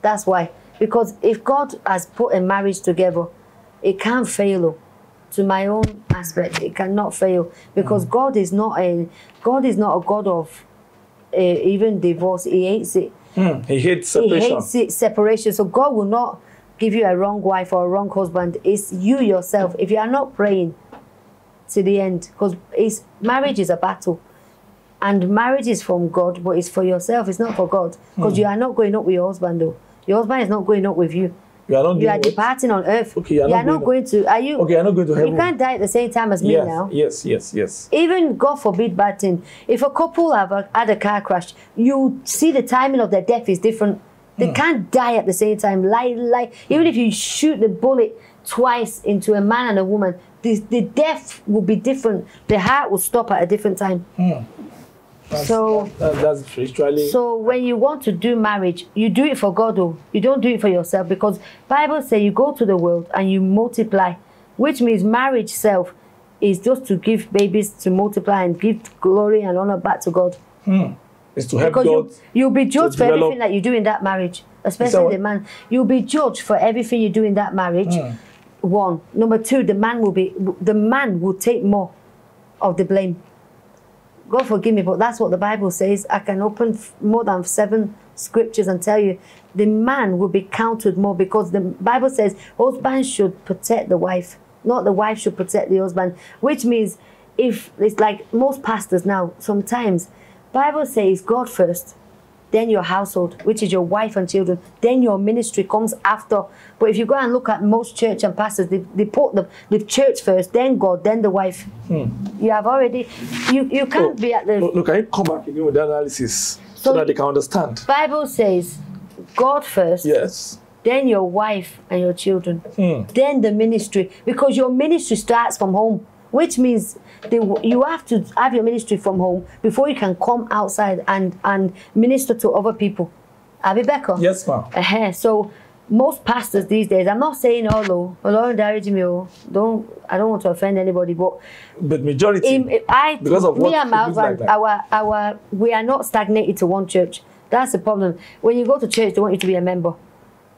Speaker 1: That's why. Because if God has put a marriage together, it can't fail. Oh. To my own aspect, it cannot fail because mm. God is not a God is not a God of uh, even divorce. He hates it.
Speaker 2: Mm. He hates separation. He hates
Speaker 1: it, separation. So God will not give you a wrong wife or a wrong husband. It's you yourself. If you are not praying to the end, because it's marriage is a battle. And marriage is from God, but it's for yourself, it's not for God. Because mm. you are not going up with your husband though. Your husband is not going up with you. You are, you are departing on earth. Okay, you are, you not, are going not, going, to. Are you? Okay, I'm not going to heaven. You can't die at the same time as yes, me now.
Speaker 2: Yes, yes, yes.
Speaker 1: Even God forbid bad thing. If a couple have a, had a car crash, you see the timing of their death is different they mm. can't die at the same time. Like, like, Even if you shoot the bullet twice into a man and a woman, the, the death will be different. The heart will stop at a different time. Mm.
Speaker 2: so that's So
Speaker 1: when you want to do marriage, you do it for God, though. You don't do it for yourself because Bible say you go to the world and you multiply, which means marriage self is just to give babies to multiply and give glory and honor back to God.
Speaker 2: Mm is to help because God. You,
Speaker 1: will be judged for everything that you do in that marriage, especially the man. You'll be judged for everything you do in that marriage. Mm. One. Number two, the man will be the man will take more of the blame. God forgive me, but that's what the Bible says. I can open more than seven scriptures and tell you the man will be counted more because the Bible says husband should protect the wife, not the wife should protect the husband, which means if it's like most pastors now, sometimes Bible says God first, then your household, which is your wife and children, then your ministry comes after. But if you go and look at most church and pastors, they, they put the, the church first, then God, then the wife.
Speaker 2: Hmm. You have already, you, you can't oh, be at the... look, I come back again with the analysis so, so that they can understand.
Speaker 1: Bible says
Speaker 2: God first. Yes
Speaker 1: then your wife and your children, hmm. then the ministry, because your ministry starts from home, which means they, you have to have your ministry from home before you can come outside and, and minister to other people. on? Yes, ma'am. Uh-huh. So most pastors these days, I'm not saying all though, Lord encourage me, don't, I don't want to offend anybody, but but
Speaker 2: majority, in,
Speaker 4: I,
Speaker 1: because of me and my husband, like our, our, we are not stagnated to one church. That's the problem. When you go to church, they want you to be a member.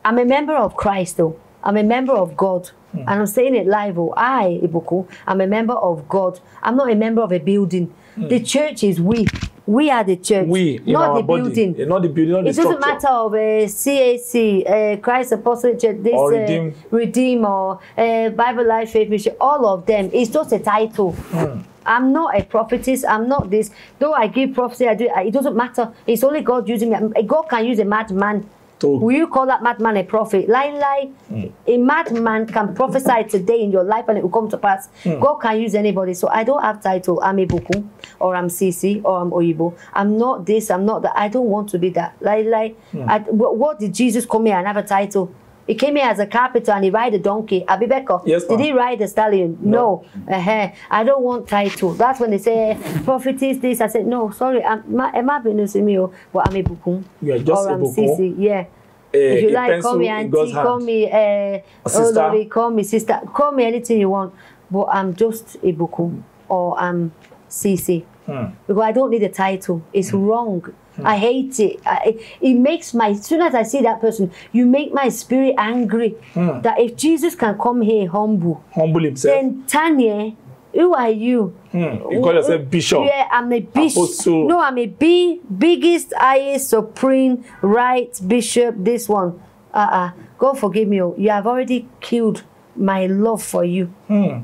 Speaker 1: I'm a member of Christ though. I'm a member of God. Mm. And I'm saying it live. Oh, I, Ibuku, I'm a member of God. I'm not a member of a building. Mm. The church is we. We are the church. We, not the body. building.
Speaker 2: Eh, not the building. Not it the doesn't
Speaker 1: matter of eh, a CAC, a eh, Christ Apostolic Church, this or Redeem, uh, Redeem or Bible Life Faith Mission. All of them. It's just a title. Mm. I'm not a prophetess. I'm not this. Though I give prophecy, I do. it doesn't matter. It's only God using me. God can use a madman. So Will you call that madman a prophet? Lie, lie. Mm. A madman can prophesy today in your life and it will come to pass. Mm. God can use anybody. So I don't have title. I'm Ibuku or I'm Sisi or I'm Oyibo. I'm not this. I'm not that. I don't want to be that. Lie, lie. Mm. I, what, what did Jesus come here and have a title? He came here as a carpenter and he ride a donkey. Abibeko, yes, did he ride a stallion? No. no. Uh -huh. I don't want title. That's when they say, prophet is this. I said, no, sorry. I'm, I'm not being but I'm a bukum.
Speaker 2: You are just or a bukum. Yeah. Uh, if you like, call me auntie, call
Speaker 1: me uh, olori, call me sister, call me anything you want. But I'm just a bukum or I'm CC. Hmm. Because I don't need a title. It's hmm. wrong I hate it. I, it makes my, as soon as I see that person, you make my spirit angry. Hmm. That if Jesus can come here humble, humble himself, then Tanya, who are you? Hmm.
Speaker 4: You call yourself bishop. Yeah,
Speaker 1: I'm a bishop. Apostle. No, I'm a B, biggest, highest, supreme, right bishop, this one. Uh-uh. God forgive me. Oh. You have already killed my love for you. Hmm.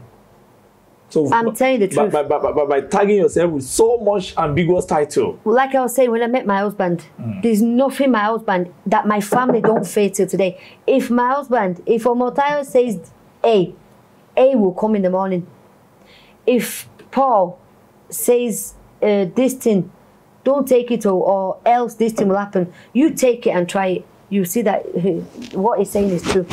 Speaker 2: So I'm telling the truth. By, by, by, by, tagging yourself with so much ambiguous title.
Speaker 1: Like I was saying, when I met my husband, mm. there's nothing my husband that my family don't face till today. If my husband, if Omotayo says A, A will come in the morning. If Paul says uh, this thing, don't take it or, or else this thing will happen. You take it and try it. You see that *laughs* what he's saying is true.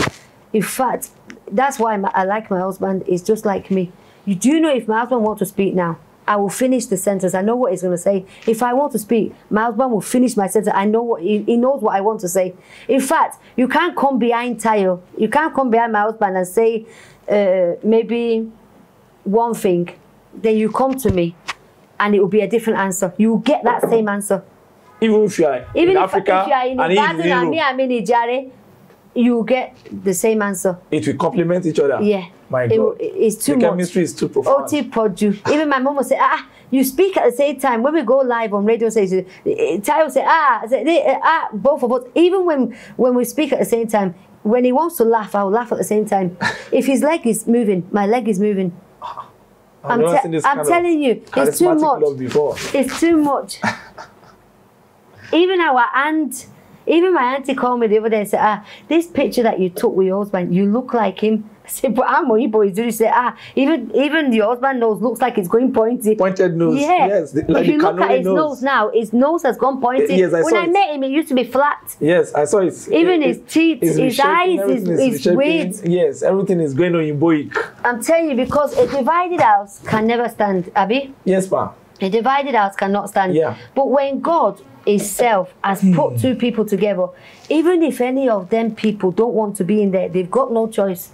Speaker 1: In fact, that's why my, I like my husband. He's just like me. You do know if my husband wants to speak now, I will finish the sentence. I know what he's going to say. If I want to speak, my husband will finish my sentence. I know what he, he knows what I want to say. In fact, you can't come behind Tayo. You can't come behind my husband and say uh, maybe one thing. Then you come to me, and it will be a different answer. You will get that same answer.
Speaker 2: Even if you are even in if, Africa, if you are in Ibadan and, and me,
Speaker 1: I'm in Ijare. you get the same answer.
Speaker 2: It will complement each other. Yeah. My God. it's too the much. chemistry is too profound. Oti
Speaker 1: Podu. Even my mom will say, ah, you speak at the same time. When we go live on radio station, will say, ah, say, ah, both of us. Even when, when we speak at the same time, when he wants to laugh, I'll laugh at the same time. *laughs* if his leg is moving, my leg is moving.
Speaker 2: I'm, te I'm telling you, it's too much.
Speaker 1: It's too much. *laughs* Even our and. Even my auntie called me the other day and said, ah, this picture that you took with your husband, you look like him. *laughs* I said, but I'm Did you say, ah, even even your husband nose looks like it's
Speaker 2: going pointy. Pointed nose. Yeah. Yes. The, like if you look at his nose. nose.
Speaker 1: now, his nose has gone pointy. Uh, yes, I when saw I it. met him, it used to be flat.
Speaker 2: Yes, I saw it. Even it, eh, his teeth, his reshaping. eyes, his, is his Yes, everything is going on in boy.
Speaker 1: I'm telling you, because a divided house can never stand, Abby. Yes, ma'am. A divided house cannot stand. Yeah. But when God itself has hmm. put two people together. Even if any of them people don't want to be in there, they've got no choice.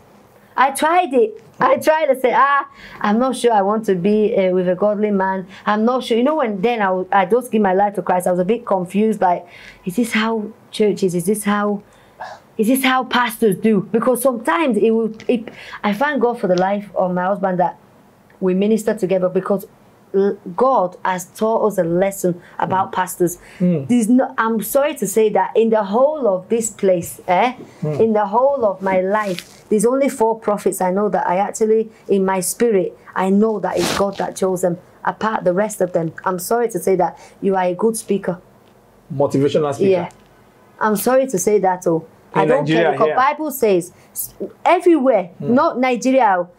Speaker 1: I tried it. I tried to say, ah, I'm not sure I want to be uh, with a godly man. I'm not sure. You know, when then I, I just give my life to Christ, I was a bit confused. Like, is this how church is? Is this how? Is this how pastors do? Because sometimes it will. It, I thank God for the life of my husband that we minister together because God has taught us a lesson about mm. pastors. Mm. There's no, I'm sorry to say that in the whole of this place, eh, mm. in the whole of my life, there's only four prophets I know that I actually, in my spirit, I know that it's God that chose them. Apart the rest of them, I'm sorry to say that you are a good speaker, motivational speaker. Yeah, I'm sorry to say that. Oh, in I don't Nigeria, care because yeah. Bible says everywhere, mm. not Nigeria oh,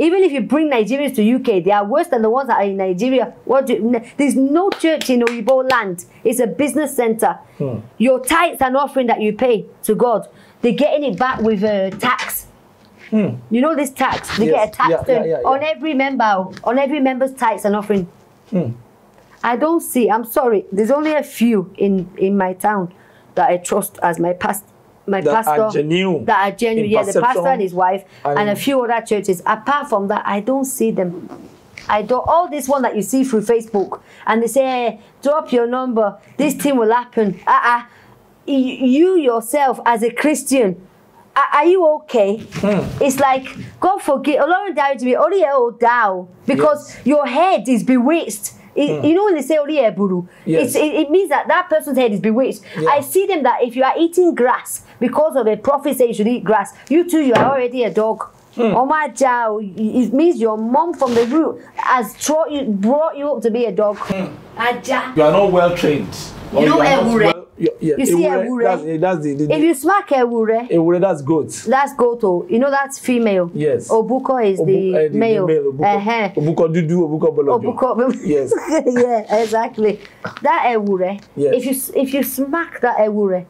Speaker 1: even if you bring Nigerians to UK, they are worse than the ones that are in Nigeria. What you, there's no church in Oyibo land. It's a business center. Hmm. Your tithes and offering that you pay to God, they're getting it back with a tax. Hmm. You know this tax. They yes. get a tax yeah, yeah, yeah, on every member, on every member's tithes and offering. Hmm. I don't see. I'm sorry. There's only a few in in my town that I trust as my pastor my pastor, that are genuine, yeah, the pastor and his wife, and, and, a few other churches. Apart from that, I don't see them. I do all this one that you see through Facebook, and they say, hey, drop your number. This thing will happen. Uh-uh. You yourself, as a Christian, are you okay?
Speaker 4: Hmm.
Speaker 1: It's like, God forgive, Olorun die to me, oh Dow, because yes. your head is bewitched It, mm. You know when they say "Oli eburu," yes. it, it means that that person's head is bewitched. Yeah. I see them that if you are eating grass because of a prophet says you should eat grass, you too you are already a dog. Mm. Omaja, it means your mom from the root has taught you, brought you up to be a dog. Mm.
Speaker 2: You are not well trained. You, you are not well Yeah, yeah. You see ewure. That's, eh, that's the, the, if
Speaker 1: you smack ewure.
Speaker 2: Ewure, that's goat.
Speaker 1: That's goat. Oh, you know that's female. Yes. Obuko is Obu, the, uh, the male. The male Obuko. Uh
Speaker 2: -huh. Obuko dudu, Obuko bolojo. Obuko. *laughs* yes.
Speaker 1: *laughs* yeah, exactly. That ewure. Yes. If you if you smack that ewure,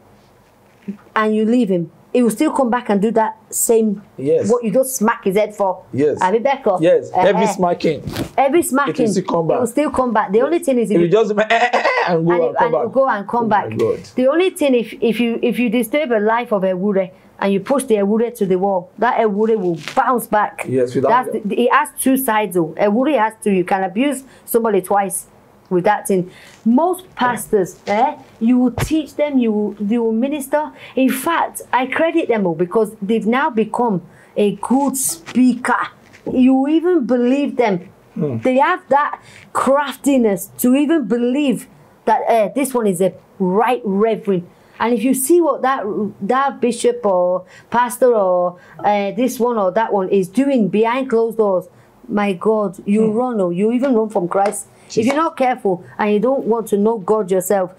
Speaker 1: and you leave him, he will still come back and do that same yes what you just smack his head for yes abi beko yes uh, every eh. smacking every smacking it will still come back it will still come back the yes. only thing is if you, just
Speaker 2: eh, eh, eh, and go and, and, come and
Speaker 1: back. go and come oh back the only thing if if you if you disturb a life of a wure and you push the ewure to the wall that ewure will bounce back yes without that's the, it has two sides though ewure has two you can abuse somebody twice With that, in Most pastors, eh, you will teach them, you will, you will minister. In fact, I credit them all because they've now become a good speaker. You even believe them. Mm. They have that craftiness to even believe that eh, this one is a right reverend. And if you see what that that bishop or pastor or uh, this one or that one is doing behind closed doors, my God, you mm. run, or oh, you even run from Christ. If you're not careful and you don't want to know God yourself,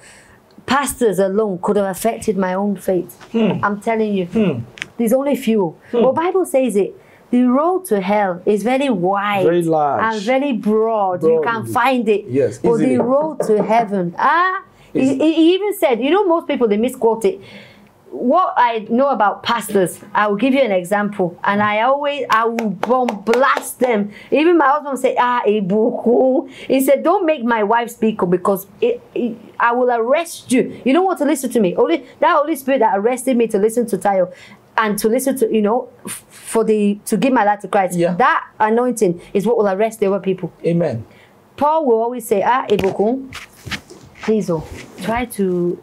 Speaker 1: pastors alone could have affected my own faith. Hmm. I'm telling you. Hmm. There's only few. Hmm. Well, Bible says it. The road to hell is very wide very large. and very broad. broad. You can find it. Yes. But the road to heaven, ah, he, he even said, you know, most people they misquote it what I know about pastors, I will give you an example. And I always, I will bomb blast them. Even my husband said, ah, Ibuku. He said, don't make my wife speak because it, it, I will arrest you. You don't want to listen to me. Only That Holy Spirit that arrested me to listen to Tayo and to listen to, you know, for the, to give my life to Christ. Yeah. That anointing is what will arrest the other people. Amen. Paul will always say, ah, Ibuku, please, oh, try to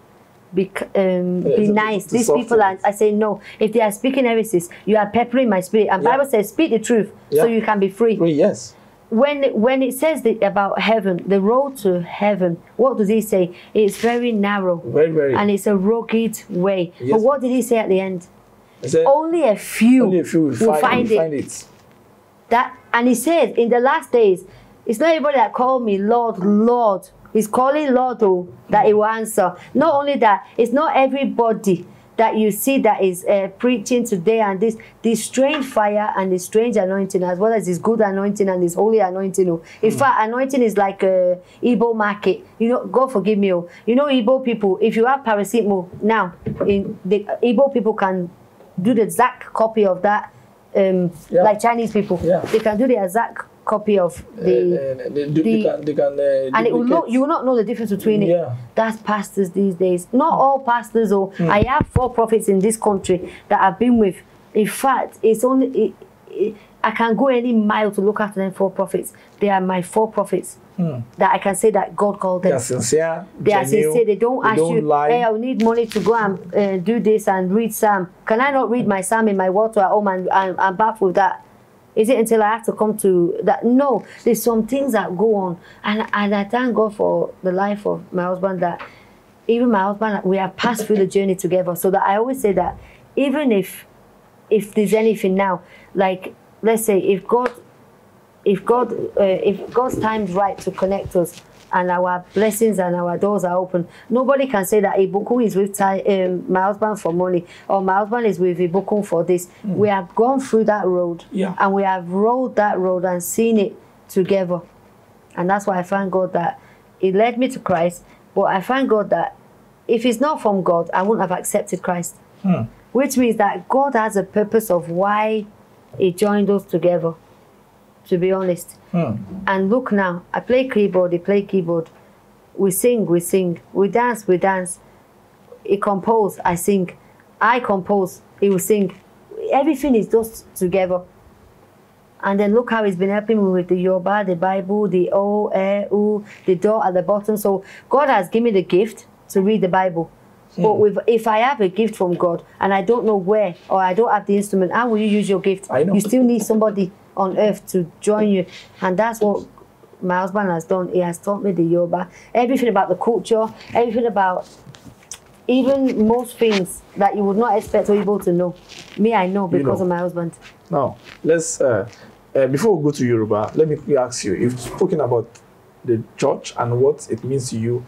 Speaker 1: be, um, yeah, be nice. These soften. people are, I say, no. If they are speaking heresies, you are peppering my spirit. And yeah. Bible says, speak the truth yeah. so you can be free. Free, yes. When, when it says about heaven, the road to heaven, what does he say? It's very narrow. Very, very. And it's a rugged way. Yes. But what did he say at the end? Said, only a few, only
Speaker 2: a few will, find, will find, it. find
Speaker 1: it. That, and he says, in the last days, it's not everybody that called me Lord, Lord, He's calling Lord to, that He will answer. Not only that, it's not everybody that you see that is uh, preaching today and this this strange fire and this strange anointing as well as this good anointing and this holy anointing. Oh. In hmm. fact, anointing is like a uh, Igbo market. You know, God forgive me. Oh. You know, Igbo people, if you have parasitmo now, in the Igbo people can do the exact copy of that, um, yeah. like Chinese people. Yeah. They can do the exact copy of uh, the. Uh, uh they,
Speaker 2: the they can, they can, uh,
Speaker 1: and will not, you will not know the difference between it. Yeah. That's pastors these days. Not all pastors, or mm. I have four prophets in this country that I've been with. In fact, it's only. It, it, I can go any mile to look after them four prophets. They are my four prophets. Hmm. That I can say that God called them. They are
Speaker 2: sincere. They genuine, are sincere. They don't they ask don't you, lie. hey, I
Speaker 1: need money to go and uh, do this and read Psalm. Can I not read my Psalm in my water at home and I'm, I'm back with that? Is it until I have to come to that? No, there's some things that go on. And, and I thank God for the life of my husband that even my husband, we have passed through the journey together. So that I always say that even if if there's anything now, like let's say if God if God, uh, if God's time's right to connect us, and our blessings and our doors are open. Nobody can say that Ibuku is with um, my husband for money or my husband is with Ibuku for this. Mm. We have gone through that road yeah. and we have rode that road and seen it together. And that's why I thank God that it led me to Christ. But I thank God that if it's not from God, I wouldn't have accepted Christ. Mm. Which means that God has a purpose of why He joined us together to be honest. Mm. And look now, I play keyboard, he play keyboard. We sing, we sing. We dance, we dance. He compose, I sing. I compose, he will sing. Everything is just together. And then look how he's been helping me with the Yoruba, the Bible, the O, E, U, the door at the bottom. So God has given me the gift to read the Bible. Mm. But with, if I have a gift from God and I don't know where or I don't have the instrument, how will you use your gift? You still need somebody on earth to join you. And that's what my husband has done. He has taught me the yoga, everything about the culture, everything about even most things that you would not expect people to know. Me, I know because you know. of my husband.
Speaker 2: Now, let's, uh, uh, before we go to Yoruba, let me ask you you've spoken about the church and what it means to you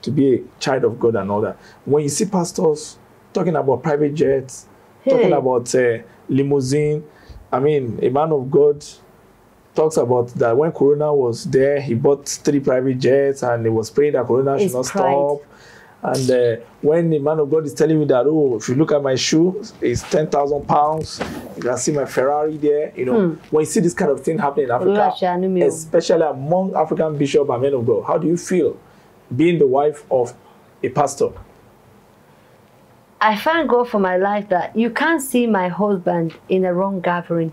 Speaker 2: to be a child of God and all that. When you see pastors talking about private jets, hey. talking about uh, limousine, I mean, a man of God talks about that when Corona was there, he bought three private jets and he was praying that Corona should not pride. stop. And uh, when the man of God is telling me that, oh, if you look at my shoe, it's 10,000 pounds. You can see my Ferrari there. You know, hmm. when you see this kind of thing happening in Africa, especially among African bishops and men of God, how do you feel being the wife of a pastor?
Speaker 1: I thank God for my life that you can't see my husband in a
Speaker 4: wrong gathering.